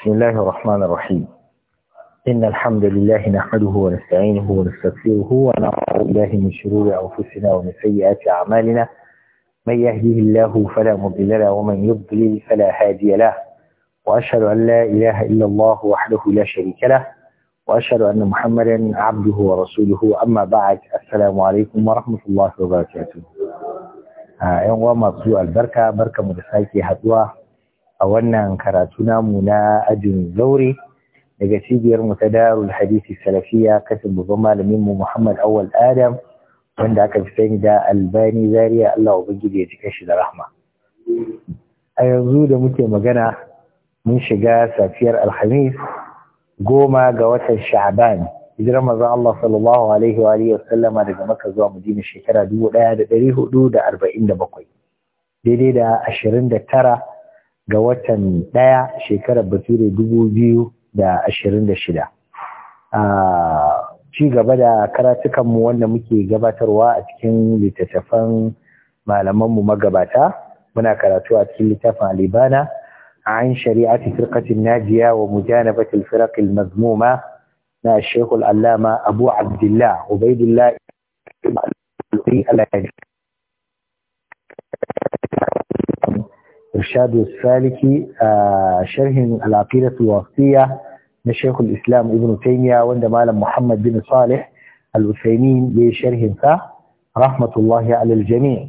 بسم الله الرحمن الرحيم إن الحمد لله نحمده ونستعينه ونستغفره ونعوذ بالله من شرور أنفسنا ومن سيئات أعمالنا من يهده الله فلا مضل له ومن يضلل فلا هادي له وأشهد أن لا إله إلا الله وحده لا شريك له وأشهد أن محمدا عبده ورسوله أما بعد السلام عليكم ورحمة الله وبركاته ‘yan uwa masu albarka barka mu da sake a wannan karatu namu na ajin zaure daga cibiyar mu ta darul hadisi salafiya kasin babban malamin mu Muhammad Awal Adam wanda aka fi sani da Albani Zaria Allah ubangiji ya cika shi da rahma a yanzu da muke magana mun shiga safiyar Alhamis goma ga watan Sha'ban hijirar Maza Allah sallallahu alaihi wa alihi wasallama daga maka zuwa Madina shekara bakwai daidai da da tara. ga watan ɗaya shekarar bature dubu biyu da ashirin da shida. Ci gaba da karatukanmu wanda muke gabatarwa a cikin littattafan malamanmu magabata, muna karatu a cikin littafin Alibana, an shari'ati firkatin Najiya wa mujanabatil firakil mazmuma na Shekul Allama Abu Abdullah, Ubaidullah Allah إرشاد السالكي آه، شرح العقيدة الوسطية لشيخ الإسلام ابن تيمية وندمال محمد بن صالح الأثيمين بشرح فه رحمة الله على الجميع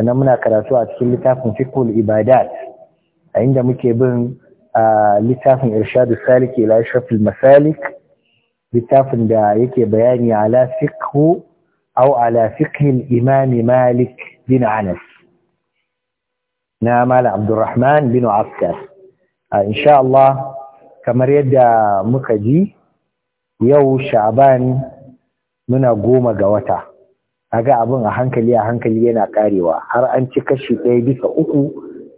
أنا منا كراتوا أتكلم لتاف فقه العبادات عند مكيبن آه، لتاف إرشاد السالكي إلى أشرف المسالك لتاف من بياني على فقه أو على فقه الإمام مالك بن عنس na Malam Abdulrahman bin Askar. Ah, insha Allah, kamar yadda muka ji, yau Sha'ban muna goma ga wata. A ga abin a hankali a hankali yana karewa har an ci kashi ɗaya bisa uku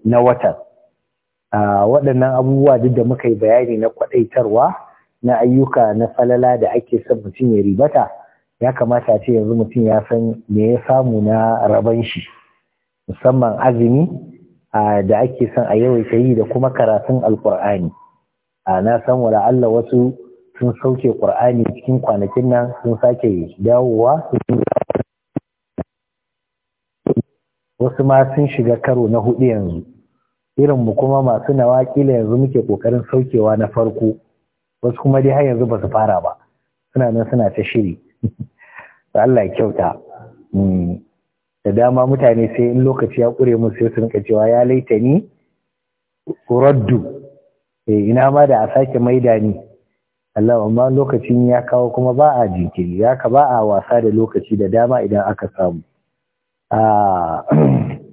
na watan. Ah, waɗannan abubuwa duk da muka yi bayani na kwaɗaitarwa na ayyuka na falala da ake son mutum ya ribata, ya kamata ce yanzu mutum ya san me ya samu na rabon shi, musamman azumi da ake son a yawaita yi da kuma karatun alkur'ani a na san wa Allah wasu sun sauke ƙur'ani cikin kwanakin nan sun sake dawowa wasu ma sun shiga karo na hudu yanzu irin mu kuma masu kila yanzu muke kokarin saukewa na farko wasu kuma dai har yanzu ba su fara ba suna nan suna ta shiri Allah ya kyauta hmm. da dama mutane sai in lokaci ya ƙure musu sai su rinka cewa ya laita ni raddu eh, ina ma da a sake maida ni Allah amma lokacin ya kawo kuma ba a jinkiri ya ka ba a wasa da lokaci da dama idan aka samu ah,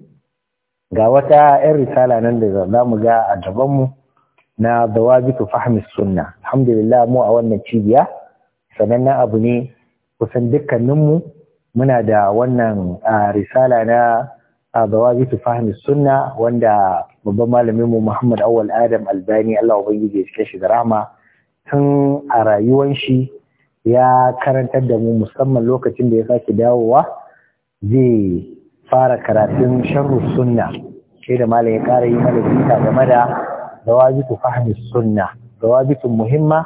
ga wata 'yan risala nan da za mu ga a mu? na dawabitu fahmi sunna alhamdulillah mu a wannan cibiya sanannen abu ne kusan dukkaninmu muna da wannan risala na zawaji tu fahimi sunna wanda babban malamin mu Muhammad Awal Adam Albani Allah ubangiji ya cike shi da rahama tun a rayuwan shi ya karantar da mu musamman lokacin da ya sake dawowa zai fara karatun sharru sunna sai da malam ya kara yi mana bita game da zawaji tu fahimi sunna zawajitun muhimma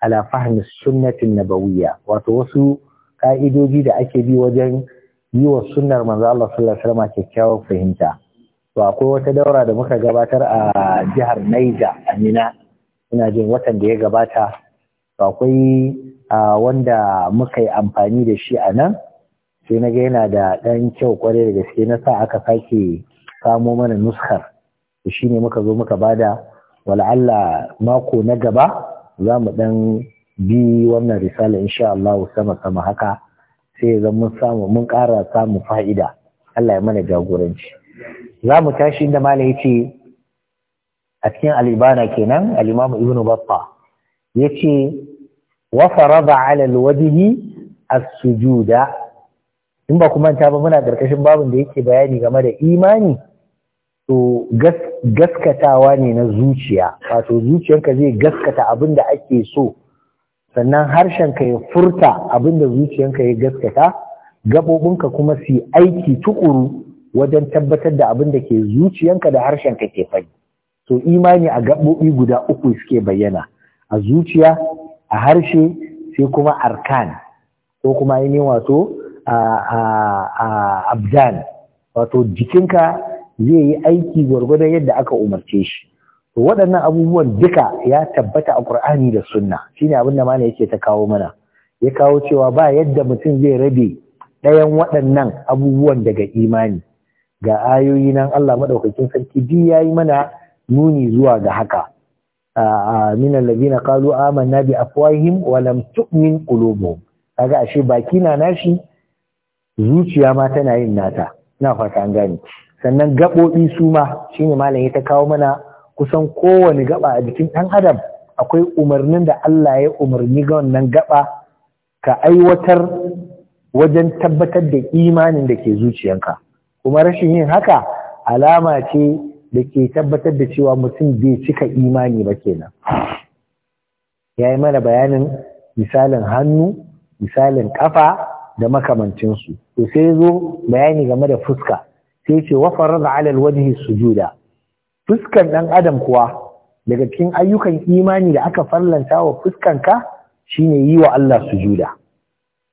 ala fahimi sunnatin nabawiyya wato wasu ƙa'idoji da ake bi wajen yi wa sunnar manzo Allah sallallahu alaihi wasallam kyakkyawar fahimta to akwai wata daura da muka gabatar a jihar Niger Amina ina jin watan da ya gabata to akwai wanda muka yi amfani da shi a nan sai na ga yana da ɗan kyau kwarai da gaske na sa aka sake samo mana nuskar to shine muka zo muka bada wala'alla mako na gaba za mu ɗan bi wannan risala insha Allah sama sama haka sai ya mun samu mun ƙara samu fa'ida Allah ya mana jagoranci za mu tashi inda malai yace a cikin alibana kenan al-Imam Ibn Baffa, yace wa farada 'ala al-wajhi as-sujuda in ba kuma ta ba muna karkashin babun da yake bayani game da imani to gaskatawa ne na zuciya wato zuciyarka zai gaskata abin da ake so sannan harshen ka ya furta abin da zuciyanka ya gaskata gaɓoɓinka kuma su yi aiki tukuru wajen tabbatar da abin da ke zuciyanka da harshen ka ke fadi to imani a gaɓoɓi guda uku suke bayyana a zuciya a harshe sai kuma arkan ko kuma yi wato abdan wato jikinka zai yi aiki gwargwadon yadda aka umarce shi waɗannan abubuwan duka ya tabbata a ƙurani da Sunna shine abin da mana yake ta kawo mana ya kawo cewa ba yadda mutum zai rabe ɗayan waɗannan abubuwan daga imani ga ayoyi nan Allah maɗaukakin sarki duk yi mana nuni zuwa ga haka min alladhina qalu amanna bi afwahihim wa lam tu'min qulubuhum kaga ashe baki na nashi zuciya ma tana yin nata na fata an gane sannan gaɓoɓi su ma shine malam ya ta kawo mana kusan kowane gaba a jikin ɗan adam akwai umarnin da Allah ya umarni ga wannan gaba ka aiwatar wajen tabbatar da imanin da ke zuciyanka kuma rashin yin haka alama ce da ke tabbatar da cewa mutum bai cika imani ba kenan ya yi mana bayanin misalin hannu misalin kafa da makamancinsu to sai zo bayani game da fuska sai ce wafarar alal wajhi sujuda fuskan ɗan adam kuwa daga cikin ayyukan imani da aka farlanta wa fuskanka shine yi wa Allah sujuda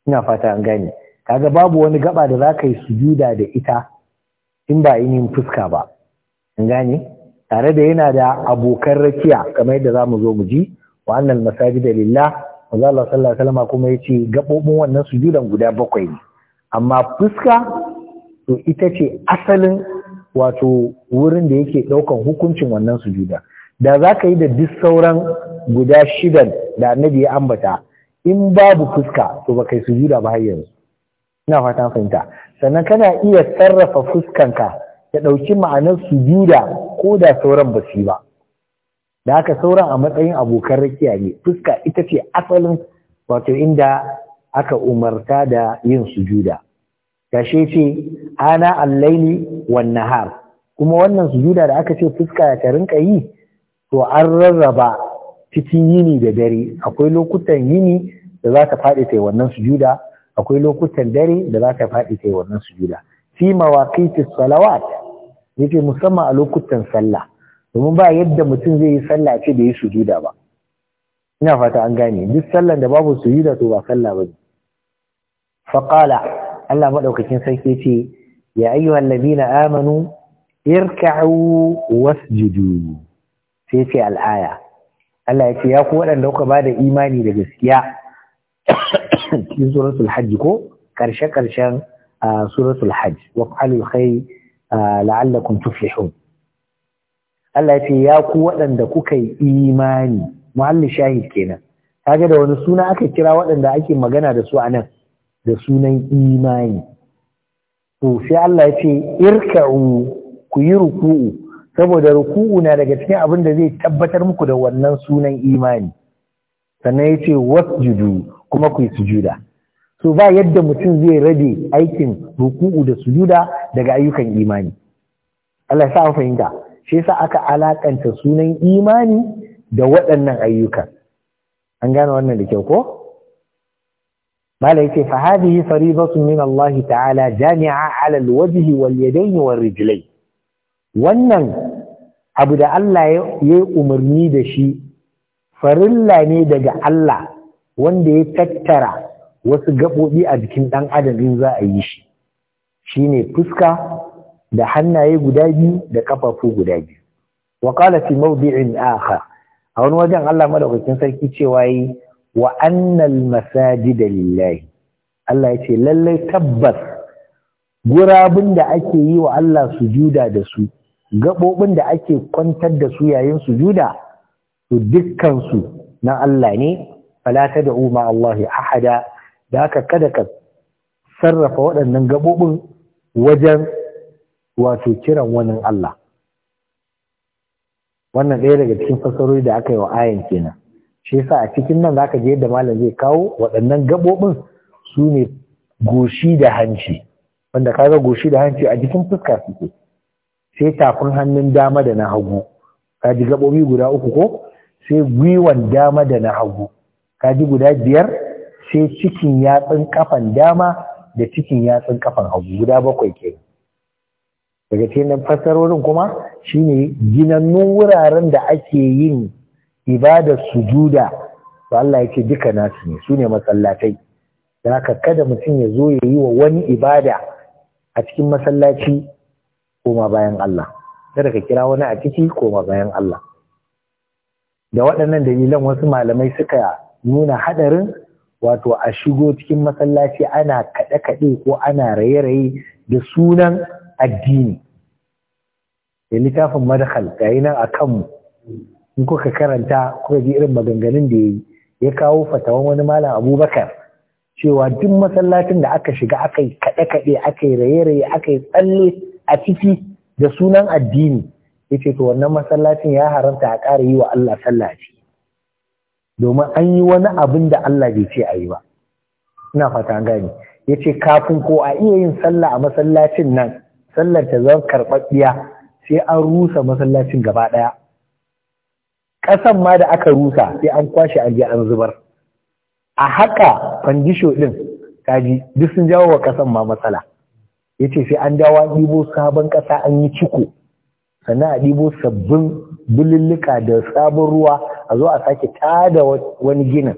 ina fata an gane kaga babu wani gaba da zaka yi sujuda da ita in ba yin fuska ba an gane tare da yana da abokan rakiya kamar yadda zamu zo mu ji wa annal masajida lillah manzo Allah sallallahu alaihi wasallam kuma yace gabobin wannan sujudan guda bakwai ne amma fuska to ita ce asalin wato wurin da yake ɗaukan hukuncin wannan sujuda da za ka yi da duk sauran guda shidan da annabi ya ambata in babu fuska to ba kai sujuda ba har yanzu ina fatan fahimta sannan kana iya sarrafa fuskanka ta ɗauki ma'anar sujuda ko da sauran ba su ba da haka sauran a matsayin abokan rakiya ne fuska ita ce asalin wato inda aka umarta da yin sujuda gashi ce ana allaili wan har? kuma wannan sujuda da aka ce fuska ta rinka yi to an rarraba cikin yini da dare akwai lokutan yini da za ta faɗi ta yi wannan sujuda akwai lokutan dare da za ta faɗi ta yi wannan sujuda fi mawaqitis salawat yake musamman a lokutan sallah domin ba yadda mutum zai yi sallah ce da yi sujuda ba ina fata an gane duk sallan da babu sujuda to ba sallah ba faqala Allah maɗaukakin sarki ce ya ayyuhal ladina amanu irka'u wasjudu sai ce al'aya Allah ya ce ya ku waɗanda kuka ba da imani da gaskiya cikin suratul hajj ko karshe karshen suratul hajj wa fa'alul khair la'allakum tuflihun Allah ya ce ya ku waɗanda kuka yi imani muhalli shahid kenan kaga da wani suna aka kira waɗanda ake magana da su a da sunan imani to sai Allah ya ce irka'u ku yi ruku'u saboda ruku'u na daga cikin abin da zai tabbatar muku da wannan sunan imani sannan ya ce wasjudu kuma ku yi sujuda so ba yadda mutum zai rage aikin ruku'u da sujuda daga ayyukan imani Allah ya sa fahimta shi yasa aka alakanta sunan imani da waɗannan ayyukan an gane wannan da kyau ko mala ce fa hadhihi faridatun min Allah ta'ala jami'a 'ala al-wajhi wal yadayn wal rijlay wannan abu da Allah ya yi umarni da shi farilla ne daga Allah wanda ya tattara wasu gaɓoɓi a jikin ɗan adam in za a yi shi shine fuska da hannaye guda biyu da ƙafafu guda biyu wa qala fi mawdi'in akhar a wani wajen Allah madaukakin sarki cewa yi wa annal masajida lillahi Allah ya ce lallai tabbas gurabun da ake yi wa Allah sujuda da su gaɓoɓin da ake kwantar da su yayin sujuda to dukkansu na Allah ne fala da ma Allah ahada da haka kada ka sarrafa waɗannan gaɓoɓin wajen wato kiran wani Allah wannan ɗaya daga cikin fasarori da aka yi wa ayan kenan shi yasa a cikin nan zaka je yadda malam zai kawo waɗannan gabobin su ne goshi da hanci wanda kaga goshi da hanci a jikin fuska suke sai tafin hannun dama da na hagu kaji gabobi guda uku ko sai gwiwan dama da na hagu kaji guda biyar sai cikin yatsun kafan dama da cikin yatsun kafan hagu guda bakwai ke daga cikin fassarorin kuma shine ginannun wuraren da ake yin ibadar sujuda to Allah ya ce duka nasu ne su ne masallatai da haka kada mutum ya zo ya yi wa wani ibada a cikin masallaci koma bayan Allah kada ka kira wani a ciki koma bayan Allah da waɗannan dalilan wasu malamai suka nuna haɗarin wato a shigo cikin masallaci ana kaɗe-kaɗe ko ana raye-raye da sunan addini da littafin madakal ga nan a kanmu in kuka karanta kuka ji irin maganganun da ya yi? ya kawo fatawan wani malam Abubakar cewa duk masallacin da aka shiga aka yi kaɗe-kaɗe aka yi raye-raye aka yi tsalle a ciki da sunan addini ya ce to wannan masallacin ya haramta a ƙara yi wa Allah sallah domin an yi wani abin da Allah bai ce a yi ba ina fata gani ya ce kafin ko a iya yin sallah a masallacin nan sallar ta zan karɓaɓɓiya sai an rusa masallacin gaba ɗaya ƙasan ma da aka rusa sai an kwashe an je an zubar a haka fandisho ɗin kaji duk sun jawo wa ƙasan ma matsala ya ce sai an dawa ɗibo sabon ƙasa an yi ciko sannan a ɗibo sabbin bulullika da sabon ruwa a zo a sake tada wani ginin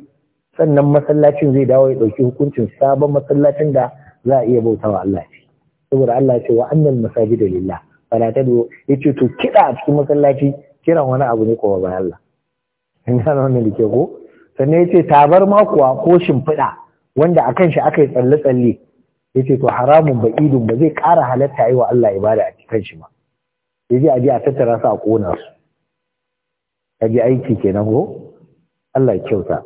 sannan masallacin zai dawo ya ɗauki hukuncin sabon masallacin da za a iya bautawa Allah ce saboda Allah ce wa annal masajida lillah fala tadu yace to kiɗa a cikin masallaci kiran wani abu ne kuma bayan Allah in gano wani da ke ko sannan ya ce tabar kuwa ko shimfiɗa wanda a kan shi aka yi tsalle-tsalle ya ce to haramun ba idun ba zai kara halatta yi wa Allah ibada a cikin shi ba ya je a je a tattara su a ƙona su ya je aiki kenan ko Allah kyauta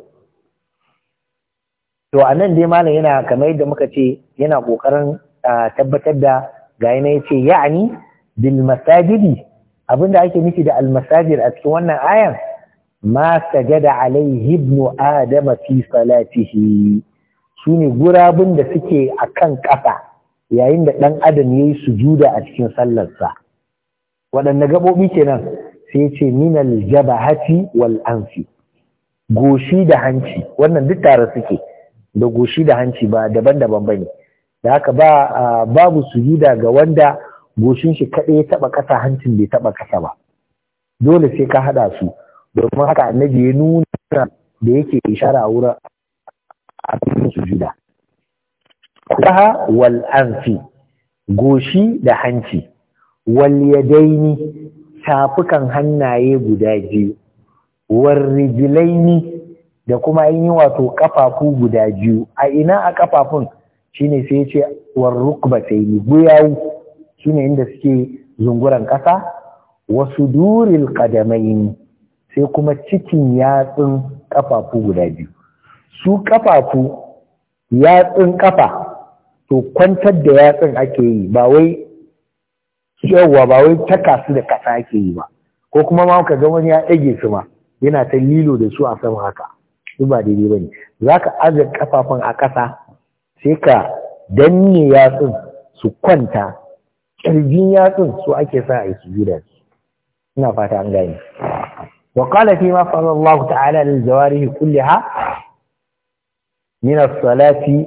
to a nan dai malam yana kamar yadda muka ce yana ƙoƙarin ah, tabbatar da ga yana ya ce ya'ani bil masajidi abinda ake nufi da almasajir a cikin wannan ayan ma sajada alaihi ibn adama fi salatihi shine gurabun da suke akan ƙasa yayin da ɗan adam yayi sujuda a cikin sallarsa waɗanne gabobi kenan sai ce minal jabahati wal anfi goshi da hanci wannan duk tare suke da goshi da hanci ba daban-daban bane da haka ba babu sujuda ga wanda goshin shi kaɗai ya taɓa ƙasa hancin bai taɓa ƙasa ba dole sai ka haɗa su domin haka annabi ya nuna da yake ishara a wurin a cikin sujuda kaha wal anfi goshi da hanci wal yadaini tafukan hannaye guda biyu war rijilaini da kuma yin wato kafafu guda biyu a ina a kafafun shine sai ya ce war rukbataini guyawu shine inda suke zunguran ƙasa wasu duril ƙadamai sai kuma cikin yatsun ƙafafu guda biyu su ƙafafu yatsun ƙafa to kwantar da yatsun ake yi ba wai yawwa ba wai taka su da ƙasa ake yi ba ko kuma ma ka ga wani ya ɗage su ma yana ta lilo da su a sama haka su ba daidai ba ne za ka aza ƙafafun a ƙasa sai ka danne yatsun su kwanta ƙirjin yatsun su ake sa a yi sujuda ina fata an gani. wa qala fi ma fa'ala Allah ta'ala lil jawarih kulliha min as-salati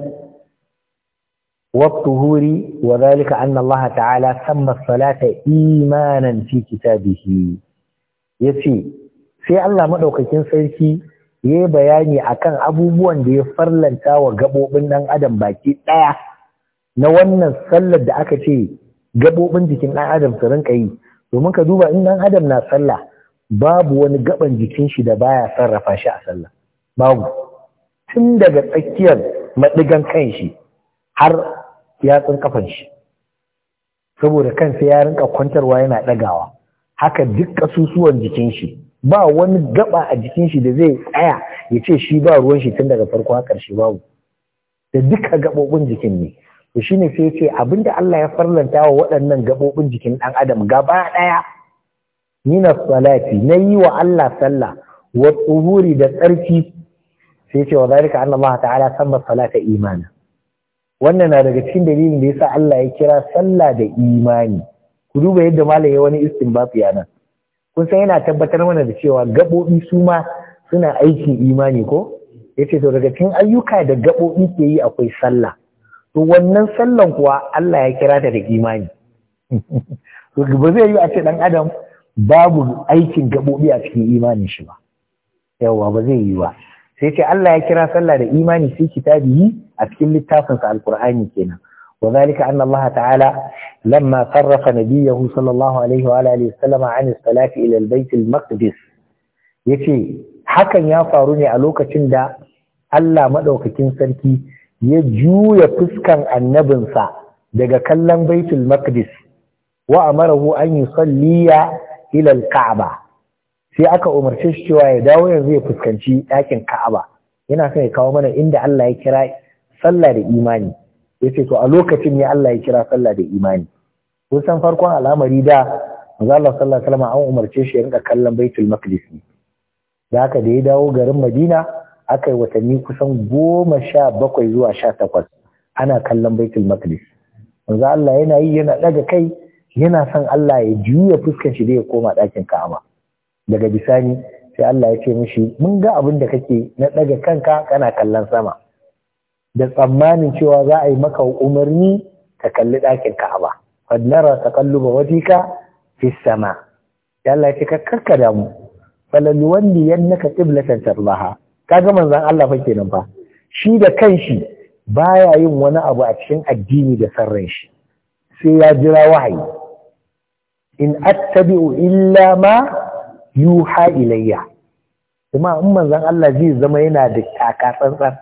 wa at-tuhuri wa dhalika anna Allah ta'ala samma as-salata imanan fi kitabihi yace sai Allah madaukakin sarki yayi bayani akan abubuwan da ya farlanta wa gabobin dan adam baki daya na wannan sallar da aka ce gabobin jikin ɗan adam su rinka yi domin ka duba in ɗan adam na sallah babu wani gaban jikin shi da baya sarrafa shi a sallah babu tun daga tsakiyar maɗigan kan shi har yatsun kafan shi saboda kan sai ya rinka kwantarwa yana ɗagawa haka duk kasusuwan jikin shi ba wani gaba a jikin shi da zai tsaya ya ce shi ba ruwan shi tun daga farko har ƙarshe babu da duka gaɓoɓin jikin ne to shine sai ce abinda Allah ya farlanta wa waɗannan gabobin jikin ɗan adam gaba ɗaya min salati yi wa Allah sallah wa tsuhuri da tsarki sai ce wa zalika anna Allah ta'ala samba salata imana wannan na daga cikin dalilin da ya sa Allah ya kira sallah da imani ku duba yadda malai ya wani istinbat nan kun san yana tabbatar mana da cewa gabobi su ma suna aikin imani ko yace to daga cikin ayyuka da gaɓoɓi ke yi akwai sallah to wannan sallan kuwa Allah ya kira ta da imani to ba zai yi a ce dan adam babu aikin gabobi a cikin imanin shi ba yawa ba zai yi ba sai ce Allah ya kira sallah da imani sai kitabihi a cikin littafin sa alqur'ani kenan wa zalika anna Allah ta'ala lamma sarrafa nabiyahu sallallahu alaihi wa alihi wasallama an salati ila albayt yace hakan ya faru ne a lokacin da Allah madaukakin sarki ya juya fuskan annabinsa daga kallon baitul maqdis wa amarahu an yusalliya ila al-ka'ba sai aka umarce shi cewa ya dawo yanzu ya fuskanci ɗakin ka'aba yana son ya kawo mana inda Allah ya kira sallah da imani yace to a lokacin ne Allah ya kira sallah da imani Kusan san farkon al'amari da manzo Allah sallallahu alaihi wasallam an umarce shi ya rinka kallon baitul maqdis ne da haka da ya dawo garin Madina aka yi watanni kusan goma sha bakwai zuwa sha takwas ana kallon baitul maqdis Yanzu Allah yana yi yana ɗaga kai yana son Allah ya juya fuskar shi da ya koma ɗakin Ka'aba daga bisani sai Allah ya ce mishi mun ga abin da kake na daga kanka kana kallon sama da tsammanin cewa za a yi maka umarni ka kalli ɗakin Ka'aba qad nara taqalluba wajhika fi sama Allah ya ce ka karkada mu falal wandi yannaka qiblatan tarbaha kaga manzan Allah fa kenan fa shi da kanshi baya yin wani abu a cikin addini da sarran shi sai ya jira wahayi in attabi'u illa ma yuha ilayya kuma in manzan Allah zai zama yana da taka tsantsan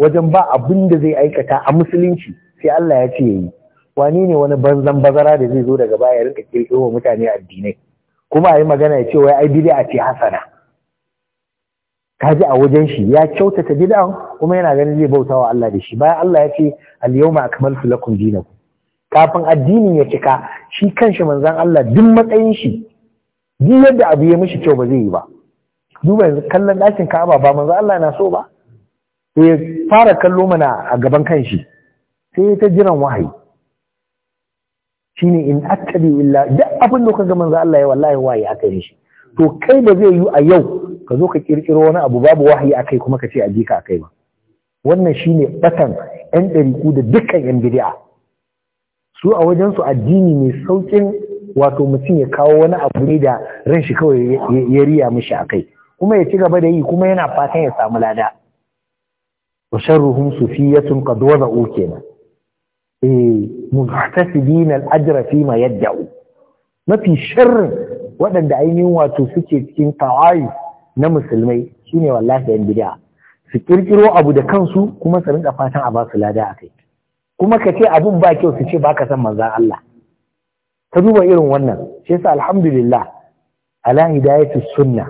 wajen ba abin da zai aikata a musulunci sai Allah ya ce yayi wani ne wani banzan bazara da zai zo daga baya rinka kirkiro wa mutane addinai kuma a yi magana ya ce wai ai bid'a ce hasana ka ji a wajen shi ya kyautata bid'an kuma yana ganin zai bautawa Allah da shi bayan Allah ya ce al-yawma akmaltu lakum dinakum kafin addinin ya cika shi kanshi manzon Allah duk matsayin shi duk yadda abu ya mishi kyau ba zai yi ba duba yanzu kallon dakin ka ba manzon Allah na so ba sai fara kallo mana a gaban kanshi sai ta jiran wahayi shine in attabi illa duk abin da kaga manzon Allah ya wallahi wahayi aka yi shi to kai ba zai yi a yau ka zo ka kirkiro wani abu babu wahayi akai kuma ka ce a jika akai ba wannan shine batan yan ɗariku da dukkan yan bidiya su a wajensu addini mai sauƙin wato mutum ya kawo wani abu ne da ran shi kawai ya riya mishi kai kuma ya ci gaba da yi kuma yana fatan ya samu lada wa sharruhum sufiyatun qad wada'u kenan eh muhtasibina al-ajra fi ma yad'u mafi sharrin waɗanda ainihin wato suke cikin ta'ayyuf na musulmai shine wallahi yan bid'a su kirkiro abu da kansu kuma su rinka fatan a basu lada a kai kuma ka ce abun ba kyau su ce baka san manzan Allah ta duba irin wannan shi yasa alhamdulillah ala hidayatu sunna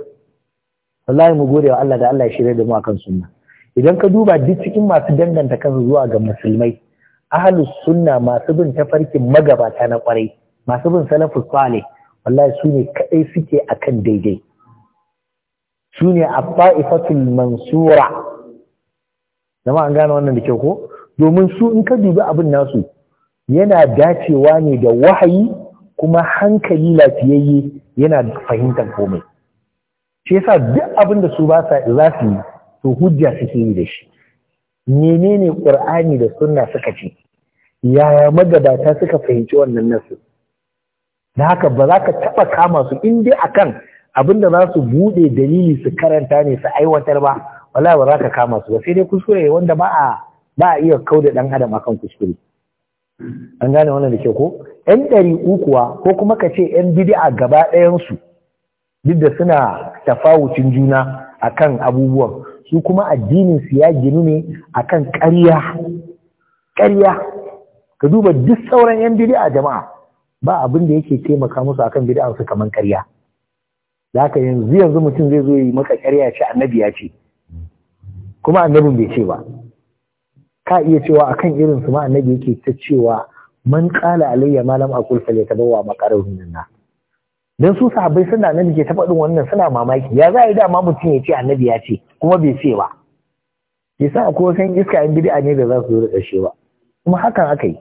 wallahi mu gode wa Allah da Allah ya shirya da mu akan sunna idan ka duba duk cikin masu danganta kansu zuwa ga musulmai ahlus sunna masu bin tafarkin magabata na kwarai masu bin salafus salih wallahi su ne kadai suke akan daidai su ne a mansura zama an gane wannan da kyau ko domin su in ka dubi abin nasu yana dacewa ne da wahayi kuma hankali lafiyayye yana fahimtar komai shi yasa duk abin da su ba sa za yi to hujja suke yi da shi menene ƙur'ani da sunna suka ce yaya magabata suka fahimci wannan nasu da haka ba za ka taɓa kama su in dai akan abinda za su bude dalili su karanta ne su aiwatar ba wallahi ba za ka kama su ba sai dai kuskure wanda ba a ba a iya kauda dan adam akan kuskure an gane wannan da ke ko yan ɗari kuwa ko kuma ka ce yan bid'a gaba ɗayansu duk da suna tafawucin juna akan abubuwan su kuma addinin su ya ginu ne akan ƙarya ƙarya ka duba duk sauran yan bid'a jama'a ba abin da yake taimaka musu akan bid'a su kaman ƙarya da yanzu yanzu mutum zai zo yi maka ƙarya ce annabi ya ce kuma annabin bai ce ba ka iya cewa akan irin su ma annabi yake ta cewa man qala alayya ma lam aqul falyatabawwa maqarrun minna dan su sahabbai suna annabi ke ta faɗin wannan suna mamaki ya za a yi dama mutum ya ce annabi ya ce kuma bai ce ba yasa ko san iska yan bid'a ne da za su zo da ƙarshe ba kuma hakan aka yi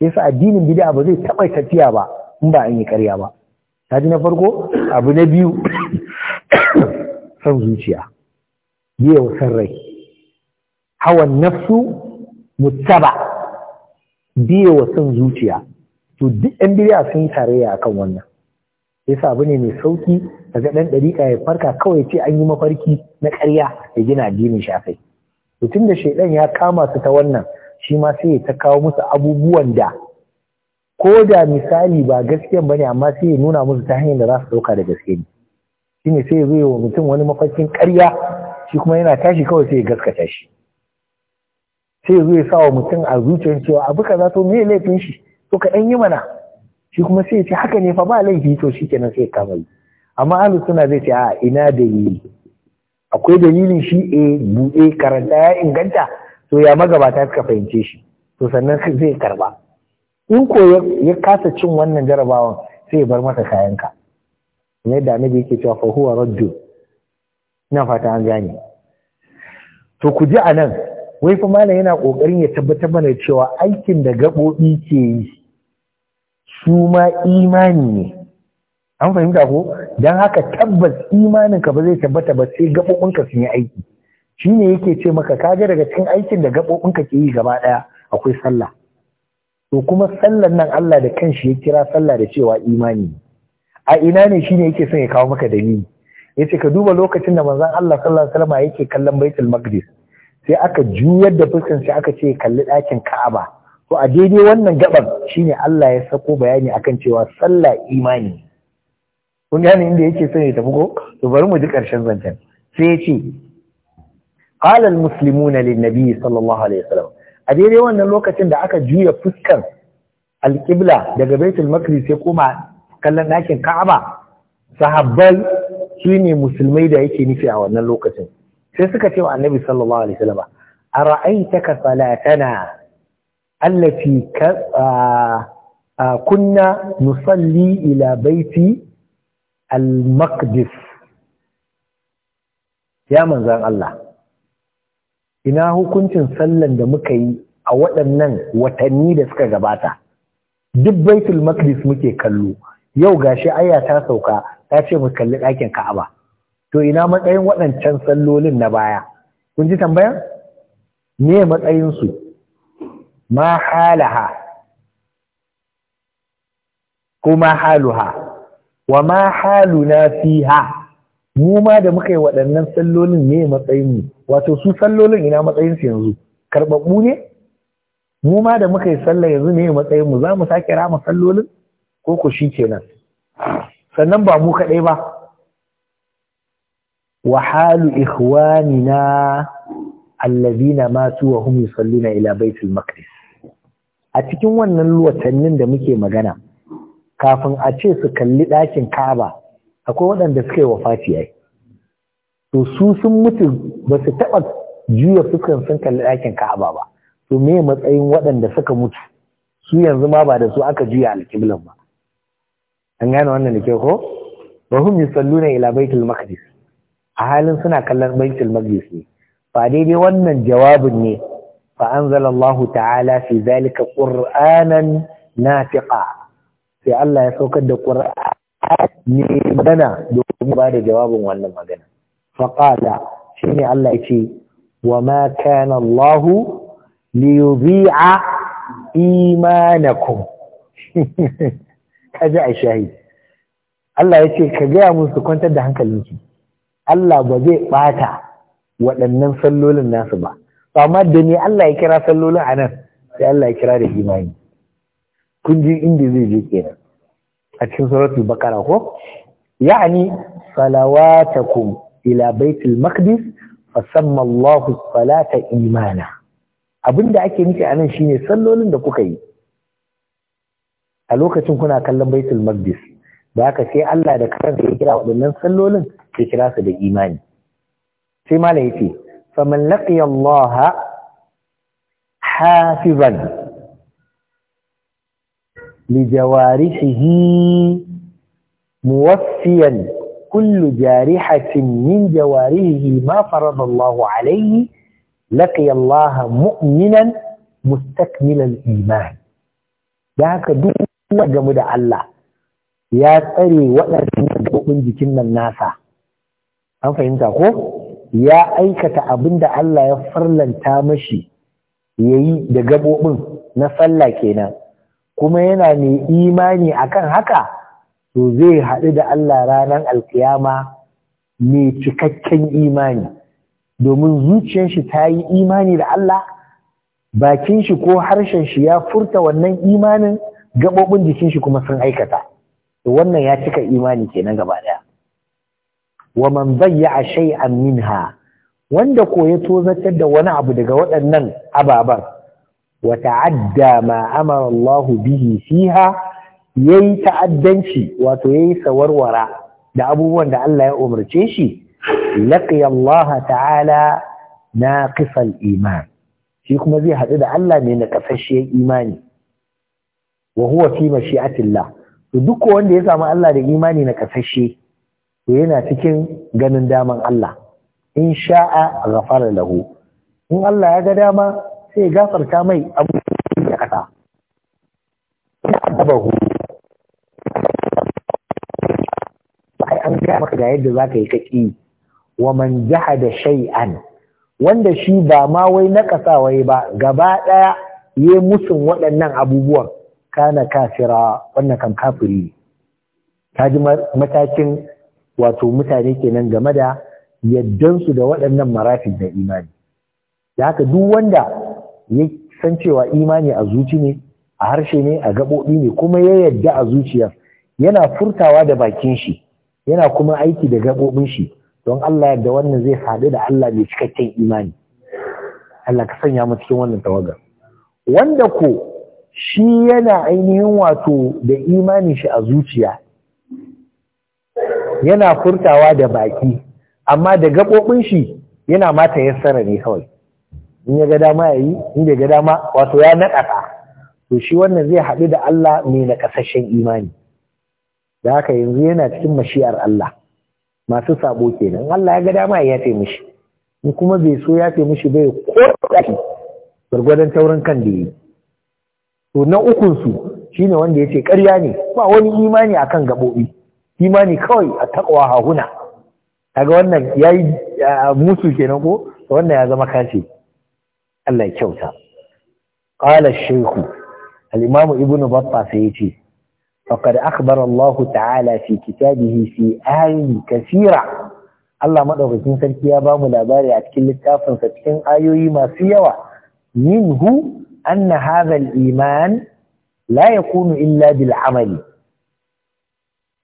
yasa addinin bid'a ba zai taɓa tafiya ba in ba an yi ƙarya ba ta ji na farko abu na biyu son zuciya yiwa san rai hawan nafsu mutaba wa san zuciya to duk 'yan biya sun yi tarayya kan wannan Ya sa abu ne mai sauki daga ɗan ɗariƙa ya farka kawai ce an yi mafarki na ƙarya ya gina addinin shafai Mutum da shaidan ya kama su ta wannan shi ma sai ya ta kawo musu abubuwan da ko da misali ba ba ne amma sai ya nuna musu ta hanyar da za su dauka da gaske ne Shi ne sai ya zo wa mutum wani mafarkin karya, shi kuma yana tashi kawai sai ya gaskata shi sai ya sa wa mutum a zuciyar cewa abu za to me laifin shi to ka ɗan yi mana shi kuma sai ya ce haka ne fa ba laifi to shi kenan sai ya kama yi amma alu suna zai ce a ina dalili akwai dalilin shi e buɗe karanta ya inganta to ya magabata suka fahimce shi to sannan zai karba in ko ya kasa cin wannan jarabawan sai ya bar maka kayanka yadda annabi yake cewa fa huwa raddu ina fata an gane to ku ji anan wai fa malam yana kokarin ya tabbatar mana cewa aikin da gabobi ke yi su ma imani ne an fahimta ko dan haka tabbas imanin ka ba zai tabbata ba sai gabobin ka sun yi aiki shine yake ce maka Ka ga daga cikin aikin da gabobin ka ke yi gaba daya akwai sallah to kuma sallar nan Allah da kanshi ya kira sallah da cewa imani a ina ne shine yake son ya kawo maka dalili yace ka duba lokacin da manzon Allah sallallahu alaihi wasallam yake kallon Baitul Maqdis sai aka juyar da fuskan sai aka ce kalli ɗakin Ka'aba to a daidai wannan gaban shine Allah ya sako bayani akan cewa sallah imani kun gane inda yake son ya tafi ko to bari mu ji karshen zancen sai ya ce qala al-muslimuna lin-nabi sallallahu alaihi wasallam a daidai wannan lokacin da aka juya fuskar alƙibla daga baitul makri sai koma kallon ɗakin ka'aba sahabbai su ne musulmai da yake nufi a wannan lokacin sai suka ce wa annabi sallallahu alaihi wasallam a ra'aitaka salatana allati kunna nusalli ila baiti al-maqdis ya manzan Allah ina hukuncin sallan da muka yi a waɗannan watanni da suka gabata duk baitul maqdis muke kallo yau gashi aya ta sauka ta ce mu kalli ɗakin ka'aba to ina matsayin waɗancan sallolin na baya kun ji tambaya? me matsayin su ma halaha ko ma haluha wa ma haluna fiha mu ma da muka yi waɗannan sallolin me matsayin mu wato su sallolin ina matsayinsu yanzu karɓaɓɓu ne mu ma da muka yi sallah yanzu ne matsayin mu za mu sake rama sallolin ko ku shi kenan sannan ba mu kaɗai ba wa halu ikhwanina allazina matu wa hum yusalluna ila baitul maqdis a cikin wannan watannin da muke magana kafin a ce su kalli ɗakin kaba, akwai waɗanda suka yi wafati ai to su sun mutu ba su taɓa juya fuskan sun kalli ɗakin ka'aba ba to me matsayin waɗanda suka mutu su yanzu ma ba da su aka juya alƙiblan ba an gane wannan da ke ko wa hum yusalluna ila baitul maqdis a halin suna kallon baitul maqdis ne fa daidai wannan jawabin ne fa anzalallahu ta'ala fi zalika qur'anan nafiqa sai Allah ya saukar da qur'ani ne magana domin ba da jawabin wannan magana faƙada shi ne Allah ya ce wa ma kana Allahu liyubi'a imanakum kaji a shahi Allah ya ce ka gaya musu kwantar da hankalinki Allah ba zai ɓata waɗannan sallolin nasu ba amma da ne Allah ya kira sallolin a nan sai Allah ya kira da imani kun ji inda zai je kenan a cikin suratul baqara ko ya'ani salawatakum إلى بيت المقدس فسمى الله الصلاة إيمانا أبن دا أكي نكي أنا شيني صلو لن دا كوكي ألوكا تنكونا أكلم بيت المقدس باكا سي الله دا كران في إكرا وقال لن صلو لن في إكرا سيدا إيمان سي ما لأيتي فمن لقي الله حافظا لجوارحه موفيا كل جارحة من جوارحه ما فرض الله عليه لقي الله مؤمنا مستكملا الإيمان ذاك دون جمد الله يا أري ولا تؤمن بكنا الناس أم فهمت أخو يا أيكة أبند الله يفر لن تامشي يي دقبو من نفلا كينا كما ينعني إيماني أكن هكا to zai haɗu da Allah ranar alkiyama mai cikakken imani domin zuciyar shi ta yi imani da Allah bakin shi ko harshen shi ya furta wannan imanin gaɓoɓin jikin shi kuma sun aikata to wannan ya cika imani kenan gaba ɗaya wa man bayya shay'an minha wanda ko ya tozatar da wani abu daga waɗannan ababan wa ta'adda ma amara bihi fiha ya yi ta'addanci wato ya yi sawarwara da abubuwan da Allah ya umarce shi laqiya ta'ala na kisal iman shi kuma zai haɗu da Allah mai na kasashiyar imani wa huwa fi mashi'atillah to duk wanda ya samu Allah da imani na kasashe to yana cikin ganin daman Allah in sha'a ghafara lahu in Allah ya ga dama sai gafarta mai abu da kasa an gaya maka da yadda zaka yi kaki wa man da shay'an wanda shi ba ma wai na yi ba gaba daya yi musun waɗannan abubuwan kana kafira wannan kan kafiri ta ji matakin wato mutane kenan game da yaddansu da waɗannan marafin da imani da haka duk wanda ya san cewa imani a zuci ne a harshe ne a gaɓoɓi ne kuma ya yadda a zuciyar yana furtawa da bakin shi yana kuma aiki da gaɓoɓin shi don Allah yadda wannan zai haɗu da Allah mai cikakken imani Allah ka sanya mu cikin wannan tawaga wanda ko shi yana ainihin wato da imani shi a zuciya yana furtawa da baki amma da gaɓoɓin shi yana mata yassara ne kawai in ya ga dama yayi in ya ga dama wato ya naƙasa to shi wannan zai haɗu da Allah mai naƙasashen imani da haka yanzu yana cikin mashi'ar Allah masu sabo kenan Allah ya ga dama ya yafe mishi in kuma bai so ya yafe mishi bai ko kai gwargwadon taurin kan da yi to na ukun su shine wanda yace ƙarya ne ba wani imani akan gabobi imani kawai a takwa hahuna kaga wannan yayi musu kenan ko wannan ya zama kace Allah ya kyauta qala shaykhu al-imam ibnu battah sai yace فقد أخبر الله تعالى في كتابه في آي كثيرة Allah maɗaukakin sarki ya bamu labari a cikin littafinsa cikin ayoyi masu yawa Yin hu, anna hadha al-iman la yakunu illa bil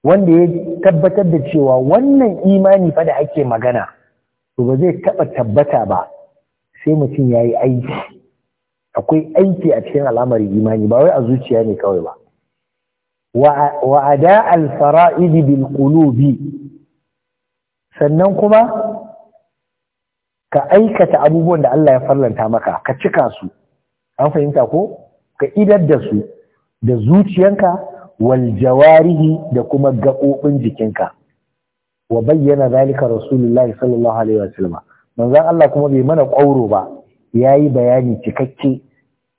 wanda ya tabbatar da cewa wannan imani fa da ake magana to ba zai taɓa tabbata ba sai mutum yayi aiki akwai aiki a cikin alamar imani ba wai a zuciya ne kawai ba wa'ada ada alfara'idi bil sannan kuma ka aikata abubuwan da Allah ya farlanta maka ka cika su an fahimta ko ka idar da su da zuciyanka wal jawarihi da kuma gaɓoɓin jikinka wa bayyana zalika rasulullahi sallallahu alaihi wasallam manzon Allah kuma bai mana ƙwauro ba yayi bayani cikakke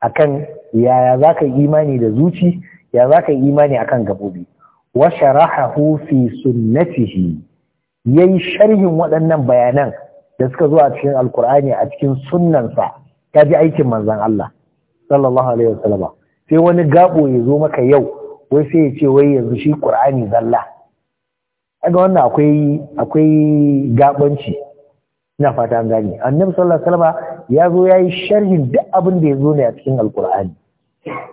akan yaya zaka imani da zuci ya za ka imani a kan gabobi wa sharahahu fi sunnatihi yi sharhin waɗannan bayanan da suka zuwa a cikin alkur'ani a cikin sunnansa ya ji aikin manzan Allah sallallahu alaihi wasallam sai wani gaɓo ya zo maka yau wai sai ya ce wai yanzu shi ƙur'ani zalla kaga wannan akwai akwai gabanci ina fata an gane annabi sallallahu alaihi wasallam ya zo yayi sharhin duk abin da ya zo ne a cikin alkur'ani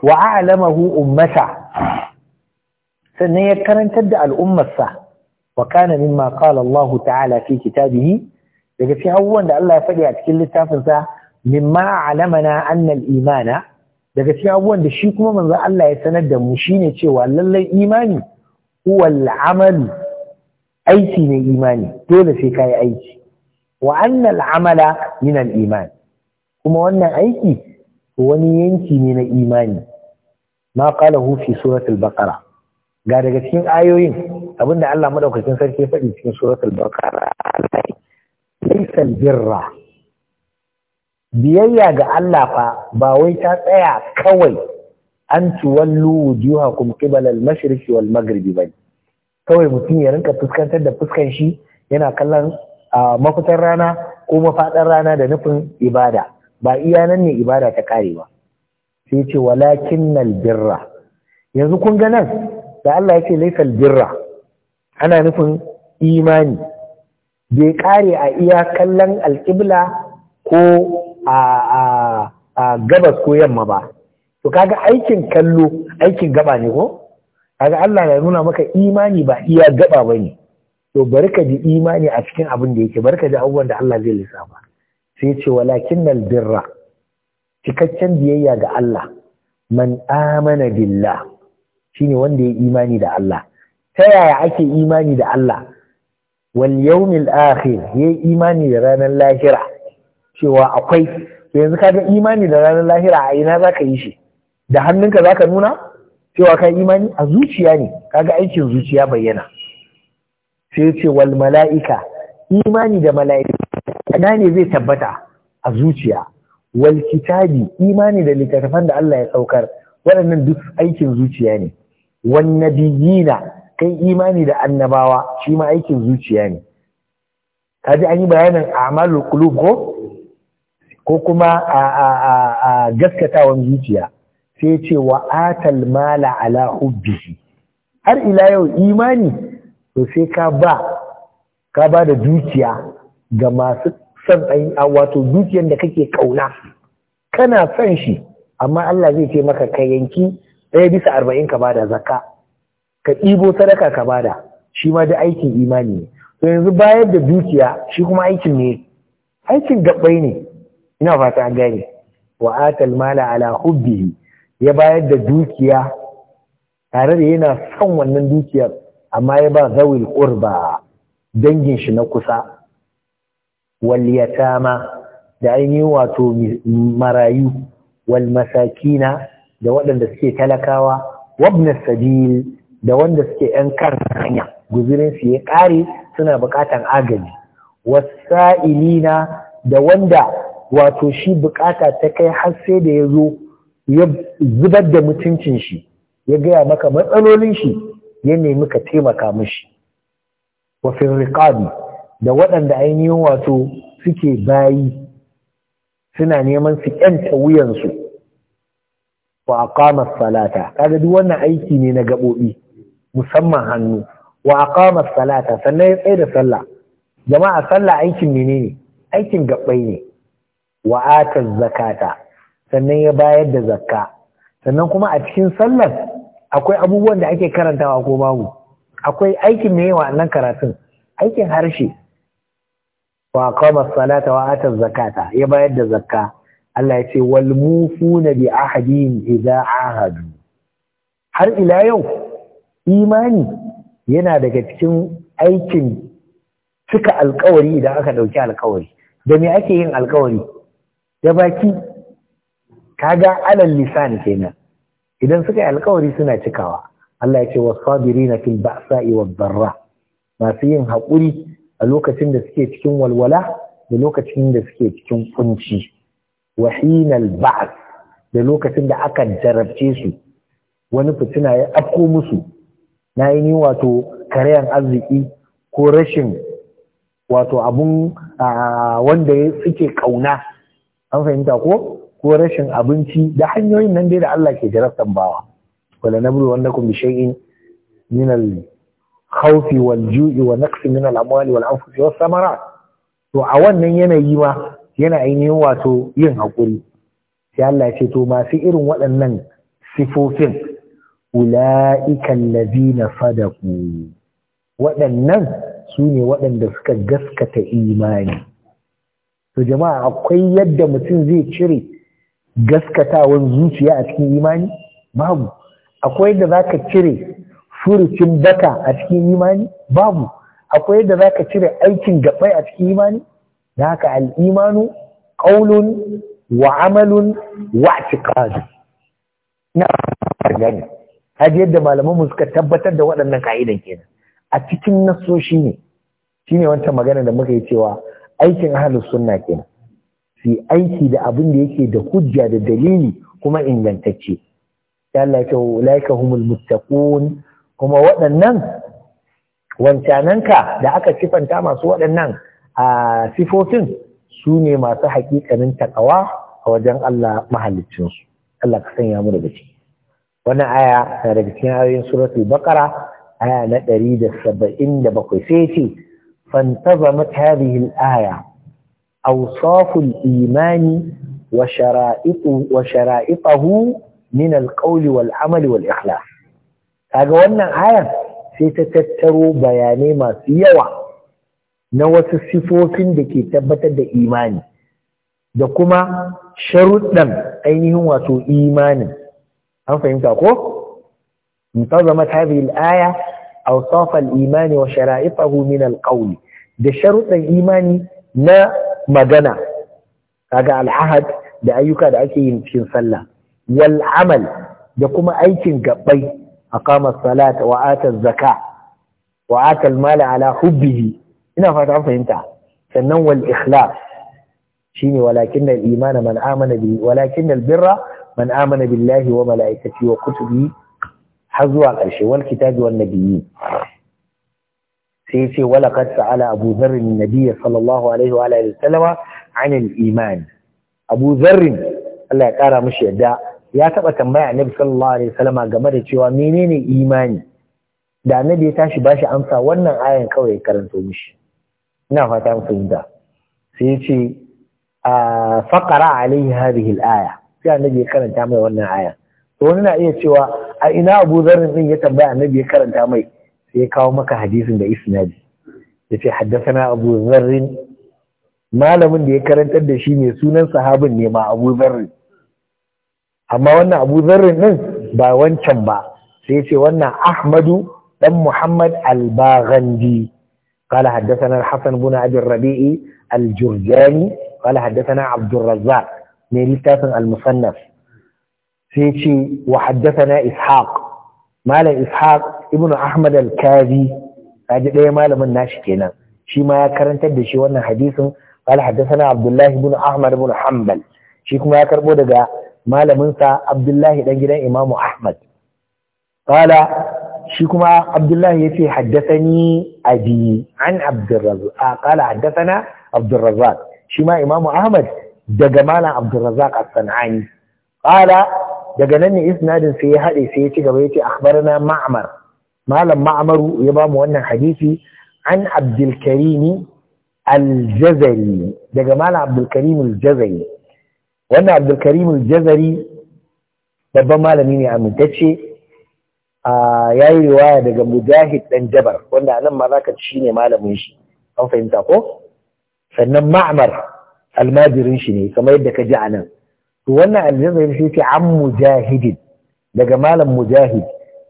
wa a'lamahu ummata sannan ya karantar da al'ummarsa wa kana mimma qala Allah ta'ala fi kitabihi daga cikin abubuwan da Allah ya faɗi a cikin littafinsa mimma a'lamana anna al-imana daga cikin abubuwan da shi kuma manzo Allah ya sanar da mu shine cewa lallai imani huwal amalu aiki ne imani dole sai kai aiki wa anna al-amala min al-iman kuma wannan aiki wani yanki ne na imani ma qalahu fi suratul baqara ga daga cikin ayoyin abinda Allah madaukakin sarki ya faɗi cikin suratul baqara laysa birra biyayya ga Allah fa ba wai ta tsaya kawai an tuwallu wujuhakum qibala al-mashriqi wal maghribi bai kawai mutum ya rinka fuskantar da fuskan shi yana kallon ah, mafitar rana ko mafaɗar rana da nufin ibada ba iya nan ne ibada ta kare ba sai ce walakin nal birra yanzu kun ga nan da Allah yake laifal birra ana nufin imani bai kare a iya kallon alƙibla ko a gabas ko yamma ba to kaga aikin kallo aikin gaba ne ko kaga Allah ya nuna maka imani ba iya gaba ne. to bari ka ji imani a cikin abin da yake bari ka ji abubuwan da Allah zai lissafa sai ce walakinnal birra cikakken biyayya ga Allah man amana billah shine wanda ya imani da Allah ta yaya ake imani da Allah wal yawmil akhir yayi imani da ranar lahira cewa akwai yanzu kaga imani da ranar lahira a ina zaka yi shi da hannunka zaka nuna cewa kai imani a zuciya ne kaga aikin zuciya bayyana sai ce wal mala'ika imani da mala'ika. Kaɗa ne zai tabbata a zuciya wal kitabi imani da littattafan da Allah ya saukar waɗannan duk aikin zuciya ne wan nabiyina kai imani da annabawa shi ma aikin zuciya ne kaji an yi bayanin a'malul qulub ko ko kuma a gaskatawan zuciya sai ce wa atal mala ala hubbihi har ila yau imani to sai ka ba ka ba da dukiya ga masu son a wato dukiyar da kake kauna kana son shi amma Allah zai ce maka ka yanki ɗaya bisa arba'in ka bada zakka ka ɗibo sadaka ka bada shi ma da aikin imani ne to yanzu bayar da dukiya shi kuma aikin ne aikin gabbai ne ina fata an gane wa atal mala ala hubbihi ya bayar da dukiya tare da yana son wannan dukiyar amma ya ba zawil qurba dangin shi na kusa wal yatama da ainihin wato marayu wal masakina da waɗanda suke talakawa wabna sabil da wanda suke ‘yan kan hanya guzurin su ya ƙare suna buƙatan agaji wasa'ilina da wanda wato shi buƙata ta kai har sai da ya zo ya zubar da mutuncin shi ya gaya maka matsalolin shi ya nemi ka taimaka mishi wafin riƙabi da waɗanda ainihin wato suke bayi suna neman su ƴanta wuyansu wa aqama salata kaga duk wannan aiki ne na gaɓoɓi musamman hannu wa aqama salata sannan ya tsaye da sallah jama'a sallah aikin menene aikin gaɓɓai ne wa ata zakata sannan ya bayar da zakka sannan kuma a cikin sallar akwai abubuwan da ake karantawa ko babu akwai aikin me yawa nan karatun aikin harshe wa aqama salata wa ata zakata ya bayar da zakka Allah ya ce wal mufuna bi ahadin idza ahadu har ila yau imani yana daga cikin aikin cika alkawari idan aka dauki alkawari da me ake yin alkawari da baki kaga alal lisan kenan idan suka yi alkawari suna cikawa Allah ya ce was sabirina fil ba'sa'i wad darra masu yin haƙuri a lokacin da suke cikin walwala da lokacin da suke cikin kunci wa hinal da lokacin da aka jarabce su wani fitina ya afko musu na yi ni wato karayan arziki ko rashin wato abun wanda suke kauna an fahimta ko ko rashin abinci da hanyoyin nan dai da Allah ke jarabtan bawa wala nabru wannakum bi shay'in min al khaufi wal ju'i wa naqsi min al amwali wal anfusi was samarat to a wannan yanayi ma yana ainihin wato yin hakuri sai Allah ya ce to masu irin waɗannan sifofin ula'ika allazina sadaku waɗannan su ne waɗanda suka gaskata imani to jama'a akwai yadda mutum zai cire gaskatawan zuciya a cikin imani babu akwai yadda zaka cire furucin baka a cikin imani babu akwai yadda za ka cire aikin gabai a cikin imani da haka al'imanu ƙaunun wa amalun wa Ina na gani haji yadda malamanmu suka tabbatar da waɗannan ka'idan kenan a cikin nasoshi ne Shi ne wata magana da muka yi cewa aikin ahlus sunna kenan su aiki da abin da yake da hujja da dalili kuma ingantacce ya laika humul muttaqun kuma waɗannan wancananka da aka kifanta masu waɗannan a sifofin su ne masu haƙiƙanin takawa a wajen Allah mahalicinsu Allah ka sanya mu daga ciki wannan aya na daga cikin ayoyin suratul baqara aya na 177 sai ce fantazamat hadhihi al-aya awsaful imani wa shara'itu wa shara'itahu min al-qawli wal-amali wal-ikhlas kaga wannan a'yan, sai ta tattaro bayanai masu yawa na wasu sifofin da ke tabbatar da imani da kuma sharuɗan ainihin wato imanin an fahimta ko انتظمت هذه الآية أوصاف الإيمان وشرائطه al القول da sharuɗan imani na magana kaga al'ahad da ayyuka da ake yin cikin sallah wal amal da kuma aikin gabbai aqama as-salata wa zaka wa ata mala ala hubbihi ina fata fahimta sannan wal ikhlas shine walakin al-iman man walakin al-birra man amana billahi wa malaikatihi wa kutubihi har zuwa ƙarshe wal sai ce walaqad sa'ala Abu Dharr Allah ya ya taɓa tambaya annabi sallallahu alaihi wasallama game da cewa menene imani da annabi ya tashi bashi amsa wannan ayan kawai ya karanto mishi ina fata mu fahimta sai ya ce a faqara alaihi hadhihi alaya sai annabi ya karanta mai wannan aya to wani na iya cewa a ina Abu Dharr din ya tambaya annabi ya karanta mai sai ya kawo maka hadisin da isnadi yace haddathana Abu Dharr malamin da ya karantar da shi ne sunan sahabin ne ma Abu Dharr amma wannan abu zarrin nan ba wancan ba sai ce wannan ahmadu ɗan muhammad al-baghandi kala haddasa hasan buna abin rabi'i al-jurjani kala haddasa na abdurraza ne littafin al-musannaf sai ce wa haddasa na ishaq malam ishaq ibnu ahmad Alkazi. kazi ji ɗaya malamin nashi kenan shi ma ya karantar da shi wannan hadisin kala haddasa na abdullahi ibnu ahmad ibnu hanbal shi kuma ya karɓo daga malaminsa abdullahi ɗan gidan imamu ahmad ƙala shi kuma abdullahi ya ce haddasani abi an abdurrazak ƙala ah, haddasana abdurrazak shi ma imamu ahmad daga malam abdurrazak a sana'ani ƙala daga nan ne isnadin sai ya haɗe sai ya ci gaba ya ce akhbarana ma'amar malam ma'amaru ya ba mu wannan hadisi an abdulkarimi aljazari daga malam al aljazari wannan abdulkarim jazari babban malami ne amintacce a yi riwaya daga mujahid dan jabar wanda anan ma zaka ne malamin shi an fahimta ko sannan ma'mar almajirin shi ne kamar yadda ka ji anan to wannan aljazari shi ce an mujahidin daga malam mujahid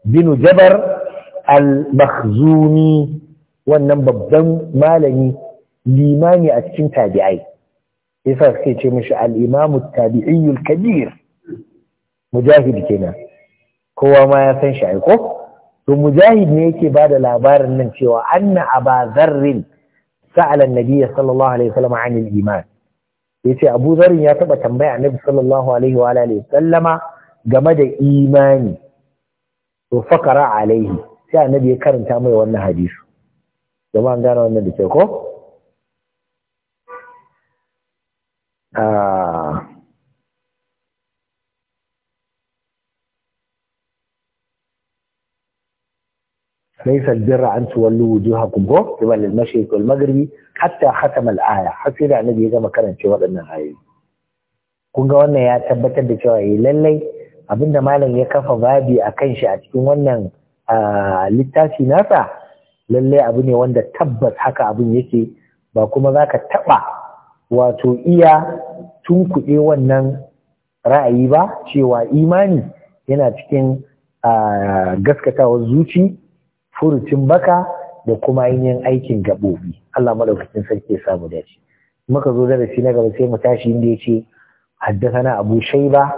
binu jabar al-makhzumi wannan babban malami limani a cikin tabi'ai yasa sai ce mishi al-imamu tabi'iyyul kabir mujahid kenan kowa ma ya san shi ai ko to mujahid ne yake bada labarin nan cewa anna aba zarrin sa'ala an-nabiy sallallahu alaihi wasallam 'anil iman yace abu zarrin ya taba tambaya annabi sallallahu alaihi wa alihi sallama game da imani to fakara alaihi sai annabi ya karanta mai wannan hadisi jama'an gane wannan da ke ko ليس البر ان تولوا وجوهكم هو قبل المشرق والمغرب حتى ختم الايه حتى اذا النبي ya gama karance waɗannan ayoyi kun ga wannan ya tabbatar da cewa eh lallai abinda malam ya kafa babi a kan shi a cikin wannan littafi nasa lallai abu ne wanda tabbas haka abin yake ba kuma zaka taba wato iya tunkuɗe wannan ra'ayi ba cewa imani yana cikin gaskatawar zuci furucin baka da kuma yin aikin gaɓoɓi Allah maɗaukacin sarki ya samu dace muka zo darasi na gaba sai mu tashi inda yace na Abu Shaiba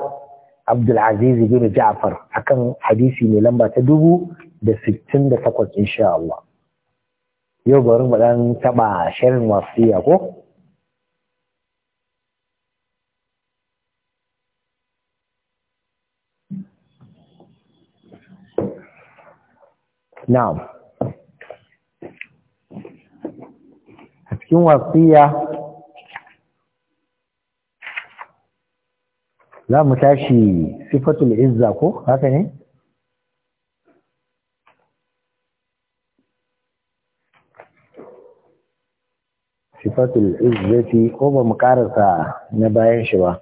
Abdul Aziz bin Ja'far akan hadisi mai lamba ta dubu da sittin da takwas insha Allah yau bari mu dan taɓa shirin wasiya ko na'am a cikin wasiya za mu tashi sifatul izza ko haka ne sifatul izzati ko ba mu karasa na bayan shi ba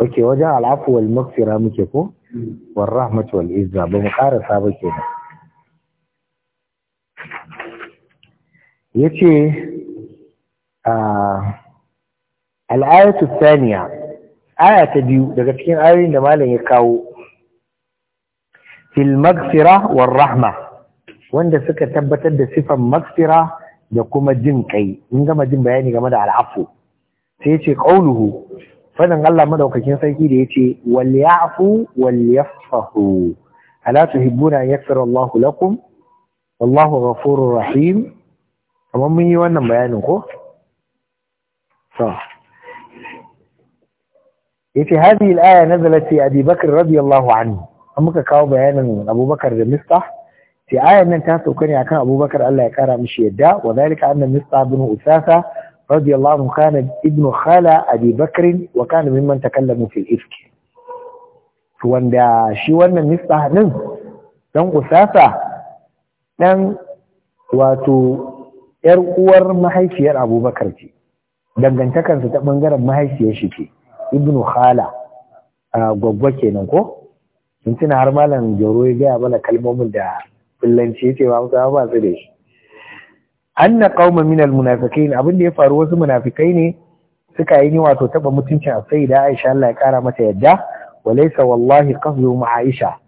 ok wajen al'afu wal maghfira muke ko wal rahmatu wal izza ba mu karasa ba kenan yace al'ayatu thaniya aya ta biyu daga cikin ayoyin da malam ya kawo fil maghfira war rahma wanda suka tabbatar da sifan maksira da kuma jin kai In gama jin bayani game da al'afu sai yace ƙaunuhu. fadin Allah madaukakin sarki da yace wal ya'fu wal ala tuhibbuna an yaghfira Allah lakum wallahu ghafurur rahim kamar mun yi wannan bayanin ko so yace hadhihi al-aya nazalat fi Abi Bakr radiyallahu anhu muka kawo bayanin Abubakar da Mistah sai ayan nan ta sauka ne akan Abubakar Allah ya kara mishi yadda wa zalika anna Mistah bin Usasa radiyallahu anhu kana ibnu khala abi bakr wa kana mimman takallamu wanda shi wannan misbah haɗin dan usasa ɗan wato ‘yar uwar mahaifiyar abubakar ce, dangantakarsa ta ɓangaren mahaifiyar shi ce, Ibn Khala, gwaggwa kenan ko? Sun har malam Jaro ya gaya mana kalmomin da fullanci ya ce ba musa ba su da shi. anna qauma minal almunafiqin abin da ya faru wasu munafikai ne suka yi wato taba mutuncin sayyida Aisha Allah ya kara mata yadda walaysa wallahi qasdu Aisha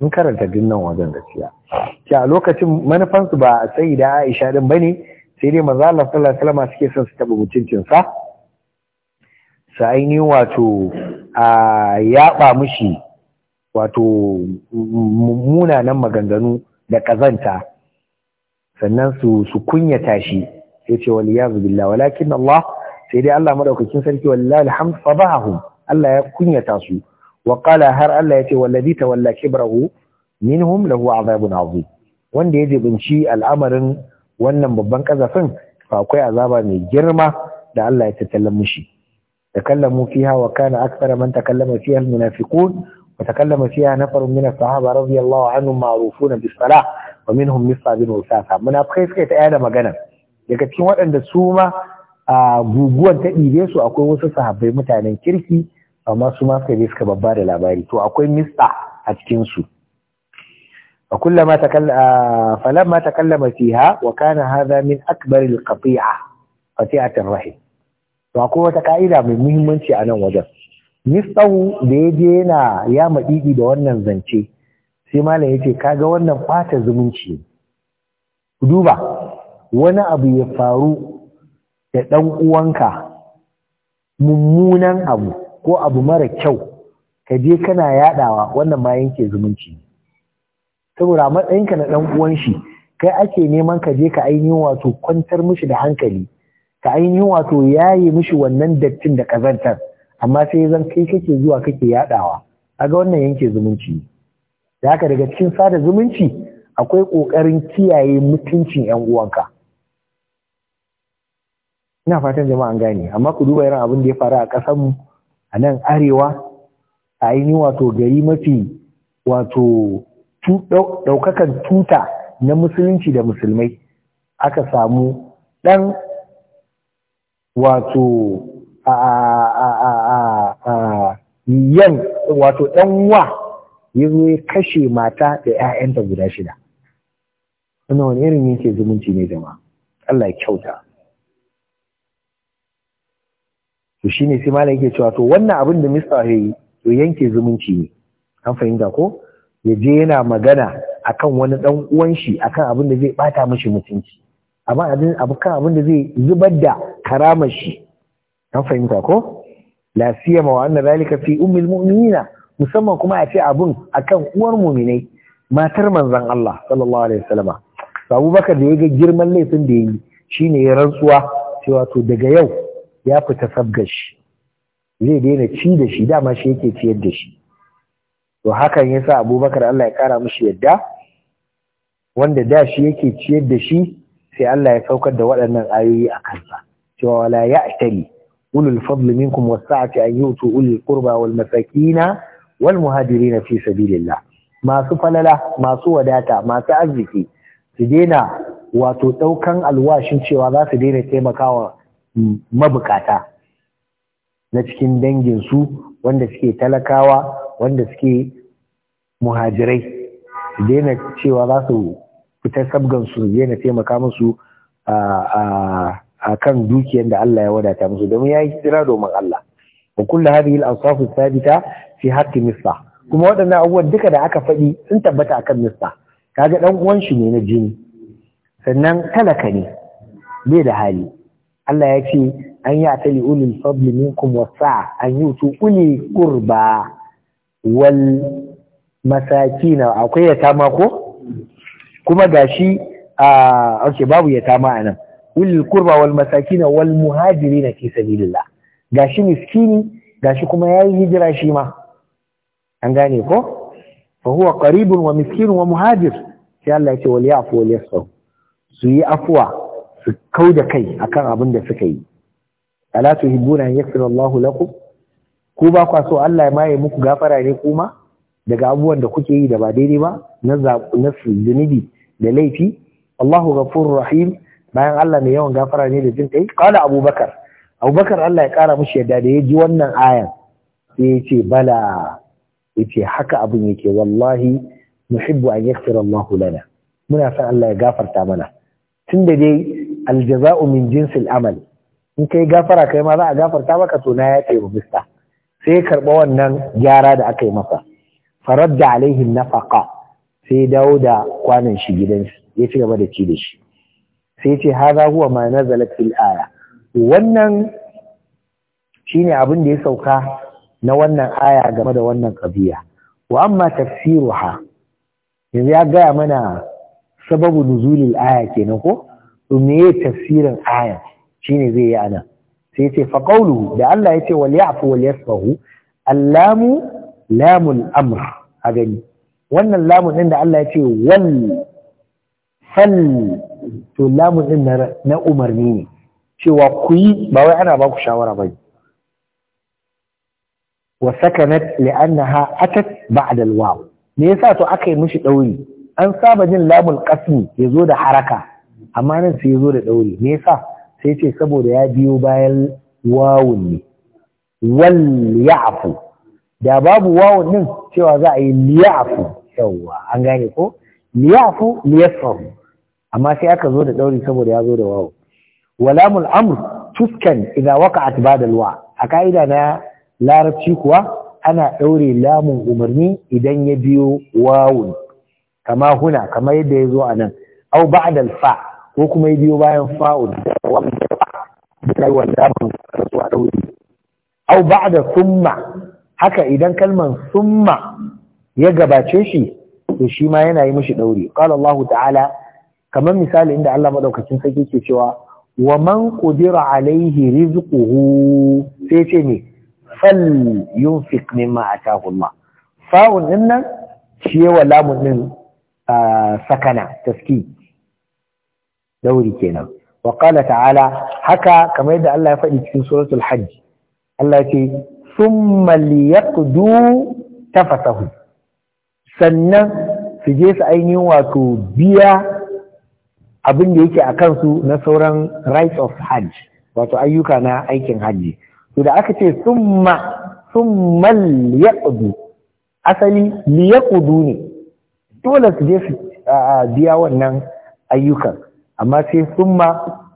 in karanta dinnan wajen gaskiya ki a lokacin manufansu ba sayyida Aisha din bane sai dai maza Allah sallallahu alaihi wasallam suke son su taba mutuncin sa sai ni wato a yaba mushi wato munanan maganganu da ƙazanta. sannan su su kunyata shi sai ce wal yazu billah walakin Allah sai dai Allah madaukakin sarki wallahi alhamd fadahum Allah ya kunyata su wa qala har Allah yace wallazi tawalla kibrahu minhum lahu azabun azim wanda ya jibinci al'amarin wannan babban kazafin fa akwai azaba mai girma da Allah ya tattala mushi takallamu fiha wa kana akthara man takallama fiha almunafiqun وتكلم فيها نفر من الصحابة رضي الله عنهم معروفون بالصلاة ومنهم مصعب بن وسافة من أبخيس كيت آدم مجانا daga cikin waɗanda su ma a ta ɗibe su akwai wasu sahabbai mutanen kirki amma su ma suka babba da labari to akwai mista a cikin su fa kullama takalla falamma takallama fiha wa kana hadha min akbar al qati'a qati'at ar to akwai wata ƙa'ida mai muhimmanci a nan wajen tsawo da ya je yana ya maɗiɗi da wannan zance sai malam ya ce kaga wannan ɓata zumunci duba wani abu ya faru da ɗan uwanka mummunan abu ko abu mara kyau ka je kana yaɗawa wannan ma yanke zumunci saboda matsayinka na ɗan uwan shi kai ake neman ka je ka ainihin wato kwantar mishi da hankali ka ainihin wato yaye mishi wannan dattin da ƙazantar amma sai zan kai kake zuwa kake yadawa aga wannan yanke zumunci da haka daga cikin sada zumunci akwai ƙoƙarin kiyaye mutuncin yan uwanka ina fatan jama'a an gane amma ku duba irin abin da ya faru a ƙasar mu a nan arewa a ainihin wato gari mafi wato ɗaukakan tuta na musulunci da musulmai aka samu ɗan wato yan wato ɗan wa ya zo ya kashe mata da ‘ya'yanta guda shida. Wannan wani irin yake zumunci ne jama'a, Allah ya kyauta. To shi ne sai malam yake cewa to wannan abin da Mista ya to yanke zumunci ne, an fahimta ko? Ya je yana magana a kan wani ɗan uwan shi kan abin da zai ɓata mashi mutunci. Amma abin abin da zai zubar da karamar shi an fahimta ko la siyama wa anna zalika fi ummil mu'minina musamman kuma a ce abun akan uwar mu'minai matar manzon Allah sallallahu alaihi wasallama Abubakar da ya ga girman laifin da yayi shine ya rantsuwa cewa to daga yau ya fita sabgashi zai daina ci da shi dama shi yake ciyar da shi to hakan yasa Abubakar Allah ya kara mishi yadda wanda da shi yake ciyar da shi sai Allah ya saukar da waɗannan ayoyi a kansa cewa wala ya'tali ulul fadli minkum wasa'ati an yutu ulul qurba wal masakina wal muhajirin fi sabilillah masu falala masu wadata masu arziki su daina wato ɗaukan alwashin cewa za su daina taimakawa mabukata na cikin dangin su wanda suke talakawa wanda suke muhajirai su daina cewa za su fitar sabgan su daina taimaka musu akan dukiyar da Allah ya wadata musu domin ya yi kira domin Allah wa kullu hadhihi al-awsaf thabita fi haqqi misla kuma waɗannan abubuwan duka da aka faɗi sun tabbata akan misla kaga dan uwan shi ne na jini sannan talaka ne bai da hali Allah ya ce an yi atali ulul fadli minkum wasa an yi tu uli qurba wal masakina akwai yatama ko kuma gashi a okay babu yatama nan. ulil kurba wal masakina wal muhajirina fi sabilillah gashi miskini gashi kuma yayi hijira shi ma an gane ko fa huwa qaribun wa miskinun wa muhajir sai Allah ya ce wal yafu wal yasfu su yi afwa su kauda kai akan abin da suka yi ala tuhibbuna an yaghfira Allahu lakum ku ba kwa so Allah ya ya muku gafara ne kuma daga abubuwan da kuke yi da ba daidai ba na zunubi da laifi Allahu ghafurur rahim bayan Allah mai yawan gafara ne da jin kai qala abubakar abubakar Allah ya kara mishi yadda da ya ji wannan ayan sai ya ce bala ya ce haka abin yake wallahi muhibbu an yaghfira Allah lana muna son Allah ya gafarta mana tunda dai aljaza'u min jinsil amal in kai gafara kai ma za a gafarta maka to na ya ce bista sai karba wannan gyara da aka yi masa faradda alaihin nafaqa sai dawo da kwanan shi gidansu ya ci gaba da ci da shi sai ce haza huwa ma nazalat fil aya wannan shine abin da ya sauka na wannan aya game da wannan kabiya wa amma tafsiruha yanzu ya gaya mana sababu nuzulil aya kenan ko to me tafsirin aya shine zai yi anan sai ce fa qawluhu da Allah ya ce wal ya'fu wal yasfahu allamu lamul amr a gani wannan lamun din da Allah ya ce wal fal to lamun ɗin na umarni ne cewa ku yi ba wai ana ba ku shawara ba wa sakanat li'annaha atat ba'da al-waw me yasa to aka yi mishi dauri an saba jin lamul qasmi zo da haraka amma nan sai yazo da dauri me yasa sai ce saboda ya biyo bayan wawun ne wal ya'fu da babu wawun din cewa za a yi liyafu Yawa an gane ko liyafu liyasfahu amma sai aka zo da ɗauri saboda ya zo da wawo walamul amr tuskan idza waqa'at ba'da alwa a ka'ida na larabci kuwa ana ɗaure lamun umarni idan ya biyo wawun kama huna kama yadda ya zo a nan au ba'da alfa ko kuma ya biyo bayan fa'un au ba'da summa haka idan kalman summa ya gabace shi to shi ma yana yi mishi ɗauri. qala Allah ta'ala kamar misali inda Allah madaukakin sarki ke cewa wa man qudira alaihi rizquhu sai ce ne fal yunfiq mimma atahu Allah fa'un din nan shi wa lamun din sakana taski dauri kenan wa qala ta'ala haka kamar yadda Allah ya faɗi cikin suratul hajj Allah ya ce thumma liyaqdu tafasahu sannan su je su ainihin wato biya abin da yake a kansu na sauran rights of hajj wato ayyuka na aikin hajji to da aka ce summa summal yaqdu asali yaqdu ne dole su je su biya wannan ayyukan amma sai summa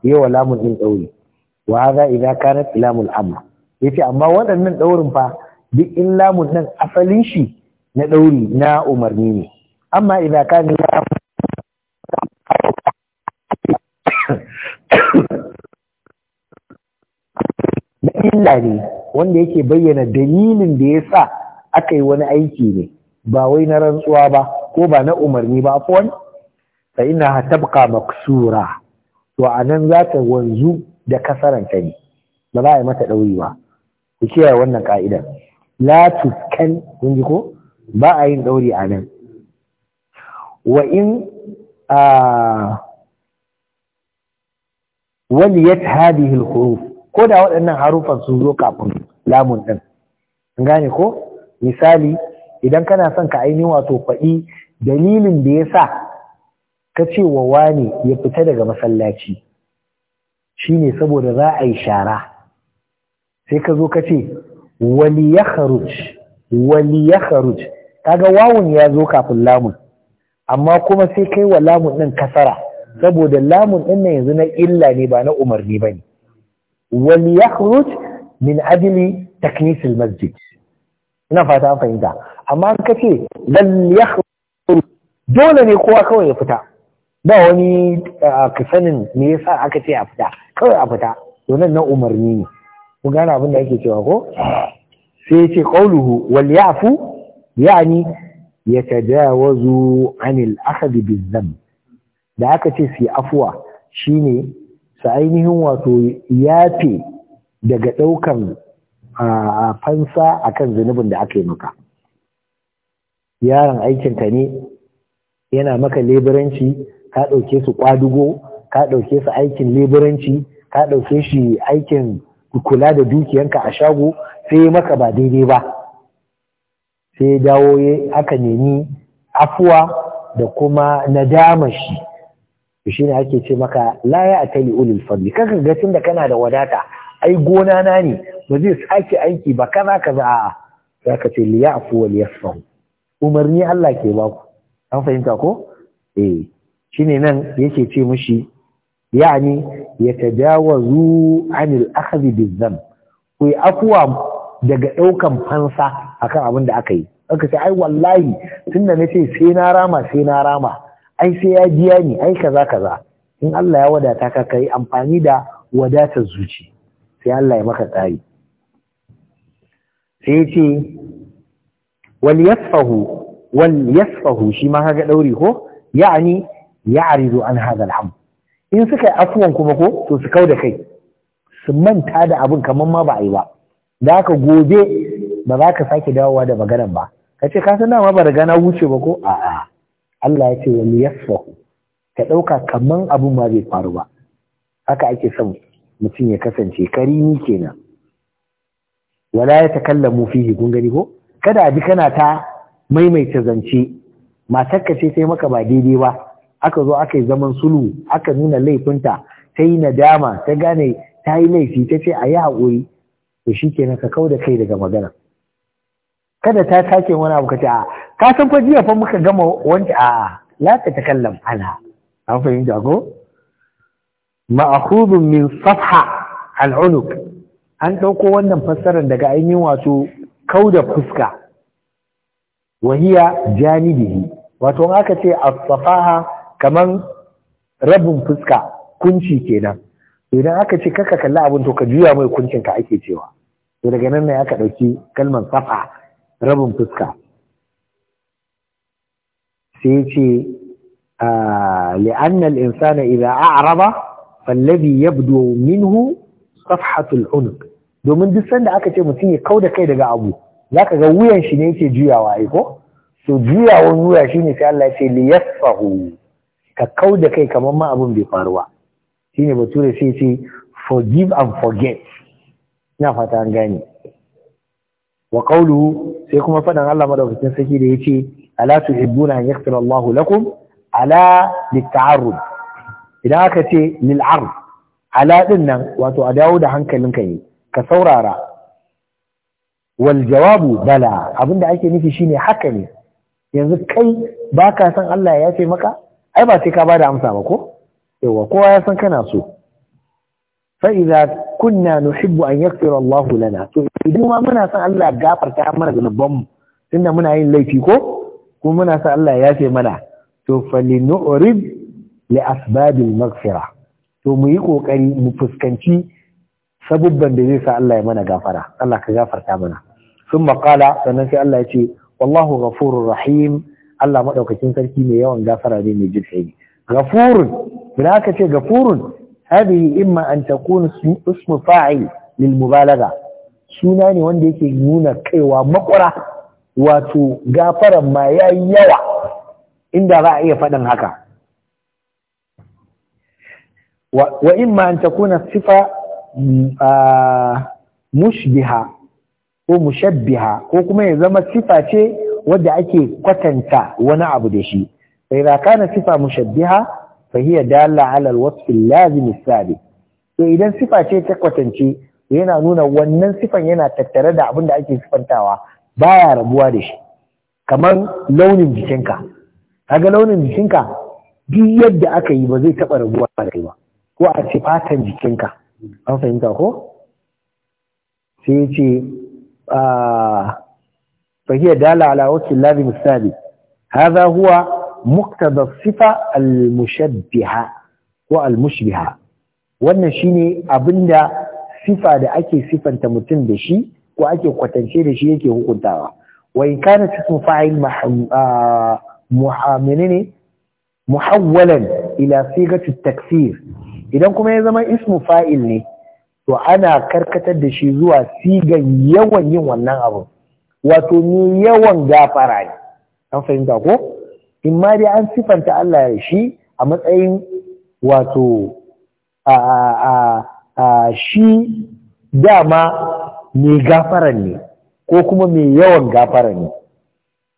yawa lamun din dauri wa hadha idza kanat lamul amr yace amma waɗannan daurin fa duk in lamun nan asalin shi na dauri na umarni ne amma idza kana Allah ne wanda yake bayyana dalilin da ya sa aka yi wani aiki ne ba wai na rantsuwa ba ko ba na umarni ba afwan fa innaha tabqa maksura to anan za ta wanzu da kasaranta ne ba za a yi mata ɗauri ba ku kiyaye wannan ka'idar la tuskan kun ji ko ba a yin ɗauri a nan wa in ah, wani ya hadihi huruf ko da waɗannan harufan sun zo kafin lamun ɗin an gane ko misali idan kana son ka ainihin wato faɗi dalilin da ya sa ka ce wa wani ya fita daga masallaci shi ne saboda za a yi shara sai ka zo ka ce wali ya kharuj wali ya kharuj kaga wawun ya zo kafin lamun amma kuma sai kai wa lamun ɗin kasara saboda lamun ɗin nan yanzu na illa ne ba na umarni ba ne wal yakhruj min ajli taknis masjid ina fata an fahimta amma kace lal dole ne kowa kawai ya fita ba wani ah, kasanin me yasa aka ce a fita kawai a fita to nan na umarni ne ku gane abin da ake cewa ko sai yace qawluhu wal yafu yani yatajawazu anil akhd bil dhanb da aka ce su afuwa shine su ainihin wato yafe daga ɗaukan fansa akan zunubin da aka yi maka yaron aikinta ne yana maka leburanci ka ɗauke su ƙwadugo ka ɗauke su aikin leburanci ka ɗauke shi aikin kula da dukiyanka a shago sai ya maka ba daidai ba sai dawo aka nemi afuwa da kuma nadama shi to shine ake ce maka la ya atali ulul fadli kaga ga tunda kana da wadata ai gona na ne ba zai sake aiki ba kaza kaza a'a zaka ce li ya'fu wal yasfahu umarni Allah ke ba ku an fahimta ko eh shine nan yake ce mushi yani yatadawazu anil akhdhi bizam ku afwa daga daukan fansa akan abin da aka yi aka ce ai wallahi tunda nace sai na rama sai na rama ai sai ya biya ni ai kaza kaza in Allah ya wadata ka kai amfani da wadatar zuci sai Allah ya maka tsari sai ce wal yasfahu wal yasfahu shi ma kaga dauri ko ya'ani ya'ridu an hadha al in suka yi afuwan kuma ko to su kauda kai su manta da abin kamar ma ba a yi ba da ka gobe ba za ka sake dawowa da maganan ba ka ce ka san dama ba riga na wuce ba ko a'a Allah ya ce wani liyasfahu ka ɗauka kamar abin ma zai faru ba haka ake son mutum ya kasance karimi kenan wala ya ta takallamu fihi kun gani ko kada a ji kana ta maimaita zance ka ce sai maka ba daidai ba aka zo aka yi zaman sulhu aka nuna laifinta ta yi nadama ta gane ta yi laifi ta ce a yi haƙuri to shi kenan ka kau da kai daga magana kada ta sake wani abu ka ce a ka san ko jiya fa muka gama wanda a la ta takallam ana an fahimta ko ma'khudun min safha al'unuk an dauko wannan fassarar daga ainihin wato kauda fuska wahiya janibihi wato an aka ce as-safaha kaman rabin fuska kunci kenan idan aka ce kaka kalli abin to ka juya mai kuncin ka ake cewa to daga nan ne aka dauki kalmar safa rabin fuska sai ce ah, li'annal insana idza a'raba fallabi yabdu minhu safhatul unuq domin duk sanda aka ce mutum ya kauda kai daga abu zaka ga wuyan shi ne yake juyawa ai so juyawan wuya shine sai Allah ya ce liyasfahu ka kauda kai kamar ma abun bai faruwa shine bature sai ce forgive and forget ina fata an gane wa sai kuma fadan Allah madaukakin saki da yace ala tuhibbuna an yaghfira Allahu ala litta'arrud idan aka ce lil ala din nan wato a dawo da hankalinka ne ka saurara wal jawabu bala abinda ake nufi shine haka ne yanzu kai baka san Allah ya ce maka ai ba sai ka bada amsa ba ko yawa kowa ya kana so fa idza kunna nuhibbu an yaghfira Allahu lana to idan ma muna son Allah gafarta mana zanuban mu tunda muna yin laifi ko kuma muna sa Allah ya yafe mana to falinu'rid li asbabil maghfira to mu yi kokari mu fuskanci sabubban da zai sa Allah ya mana gafara Allah ka gafarta mana sun maƙala sannan sai Allah ya ce wallahu ghafurur rahim Allah madaukakin sarki mai yawan gafara ne mai jirfi ghafurun idan aka ce ghafurun hadihi imma an takuna ismu fa'il lil mubalagha suna ne wanda yake nuna kaiwa makura wato gafaran ma ya yi yawa inda za a iya faɗin haka wa ma an kuna sifa mushbiha ko mushabbiha ko kuma ya zama sifa ce wadda ake kwatanta wani abu da shi fa ka kana sifa mushabbiha fahiyar hiya dalla alal alwasf allazim as to idan sifa ce ta kwatance yana nuna wannan sifan yana tattare da abin da ake sifantawa baya rabuwa da shi kamar launin jikinka kaga launin jikinka duk yadda aka yi ba zai taba rabuwa da kai ba ko a ce fatan jikinka an fahimta ko sai ce a ah, fahiyar dala ala wakil labi misali haza huwa muktada sifa al ko al wannan shine abinda sifa da ake sifanta mutum da shi ko ake kwatance da shi yake hukuntawa wa in kana cikin fa'il muhawwalan ila sigatu takfir idan kuma ya zama ismu fa'il ne to ana karkatar da shi zuwa sigan yawan yin wannan abu wato ne yawan gafara ne an fahimta ko in ma dai an sifanta Allah shi a matsayin wato a shi dama mai gafaran ne ko kuma mai yawan gafara ne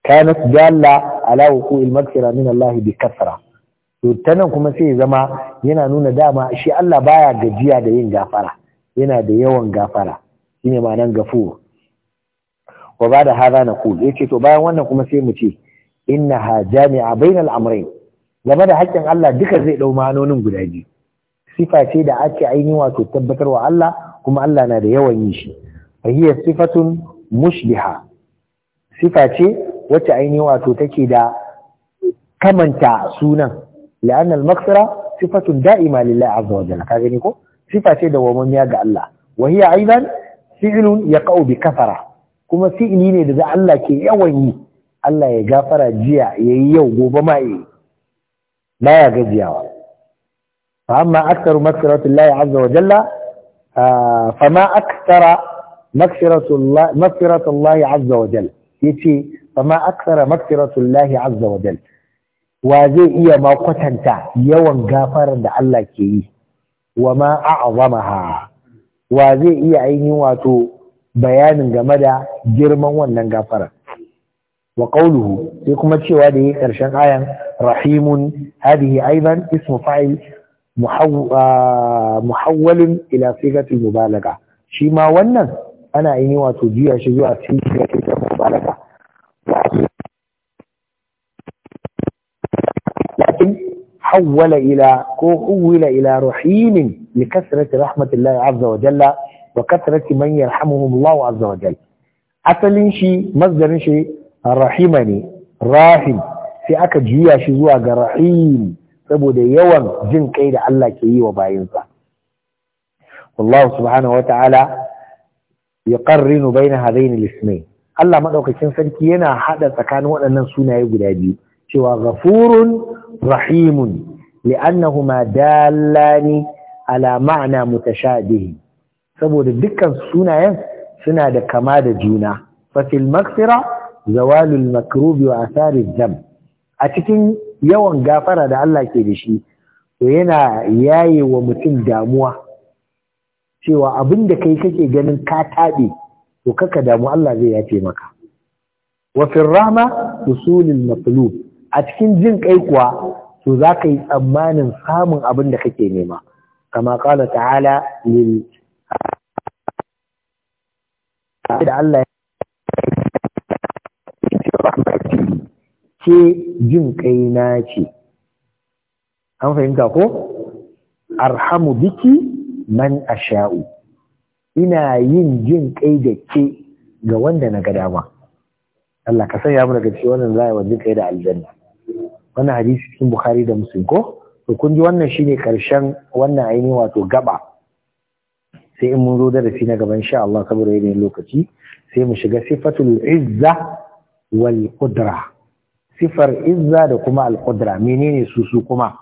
kanat Allah ala wuqu'il maghfira min Allah bi kasra to nan kuma sai zama yana nuna dama shi Allah baya gajiya da yin gafara yana da yawan gafara shine nan gafu wa ba'da na naqul ce to bayan wannan kuma sai mu ce Inna ha jami'a bainal amrayn game da haƙƙin Allah duka zai dau ma'anonin guda biyu sifa ce da ake ainihin wato tabbatarwa Allah kuma Allah na da yawan yi shi fahiyar sifatun mushbiha sifa ce wacce ainihin wato take da kamanta sunan la'an al sifatun da'ima lillahi azza wa ko sifa da wamamiya ga Allah Wahiya hiya aidan ya yaqau bi kuma fi'li ne da Allah ke yawan yi Allah ya gafara jiya yayi yau gobe ma yi baya gajiyawa fa amma aktsaru maksaratullahi azza wa jalla fama aktsara mafiratullahi azza wa jal ya ce fama mafiratullahi azza wa iya ma yawan gafarar da Allah ke yi wa ma a'azamaha wa iya ainihin wato bayanin game da girman wannan gafarar wa qawluhu sai kuma cewa da yi karshen ayan rahimun hadihi aidan ismu fa'il muhawwalin ila sigatil mubalagha shi ma wannan ana yi wato juya shi zuwa cikin da ke kan mubalaka lakin hawwala ila ko huwila ila rahimin li kasrati rahmatillahi azza wa jalla wa kasrati man yarhamuhum Allah azza wa jalla asalin shi masdarin shi rahima ne rahim sai aka juya shi zuwa ga rahim saboda yawan jin kai da Allah ke yi wa bayinsa Wallahu subhanahu wa ta'ala yuqarrinu baina hadaini lismai Allah maɗaukacin sarki yana haɗa tsakanin waɗannan sunaye guda biyu cewa gafurun rahimun li'annahuma dallani ala ma'na mutashabih saboda dukkan sunayen suna da kama da juna fa zawalul makrubi wa athari dam a cikin yawan gafara da Allah ke da shi to yana yaye wa mutum damuwa cewa abin da kai kake ganin ka taɓe to kaka damu Allah zai yafe maka wa fi rahma usulul matlub a cikin jin kai kuwa to za ka yi tsammanin samun abin da kake nema kama kala ta'ala lil da Allah ce jin kai na ce an fahimta ko arhamu biki man a sha'u. ina yin jin kai da ke ga wanda na ga dama Allah ka sanya mu daga cikin wannan zai wajin kai da aljanna wannan hadisi cikin Bukhari da Muslim ko to kun ji wannan shine karshen wannan ainihin wato gaba sai in mun zo darasi na gaban insha Allah saboda yayin lokaci sai mu shiga sifatul izza wal qudra sifar izza da kuma al qudra menene su su kuma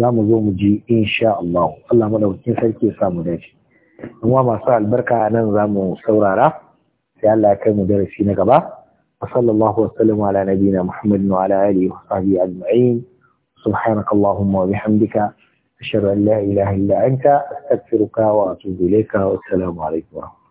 za mu zo mu ji insha Allah Allah madaukakin sarki ya samu dace kuma masu albarka nan za mu saurara sai Allah ya kai mu darasi na gaba wa sallallahu wa sallam ala nabiyina Muhammadin wa ala alihi wa sahbihi ajma'in subhanak wa bihamdika ashhadu an la ilaha illa anta astaghfiruka wa atubu ilayka wa assalamu alaikum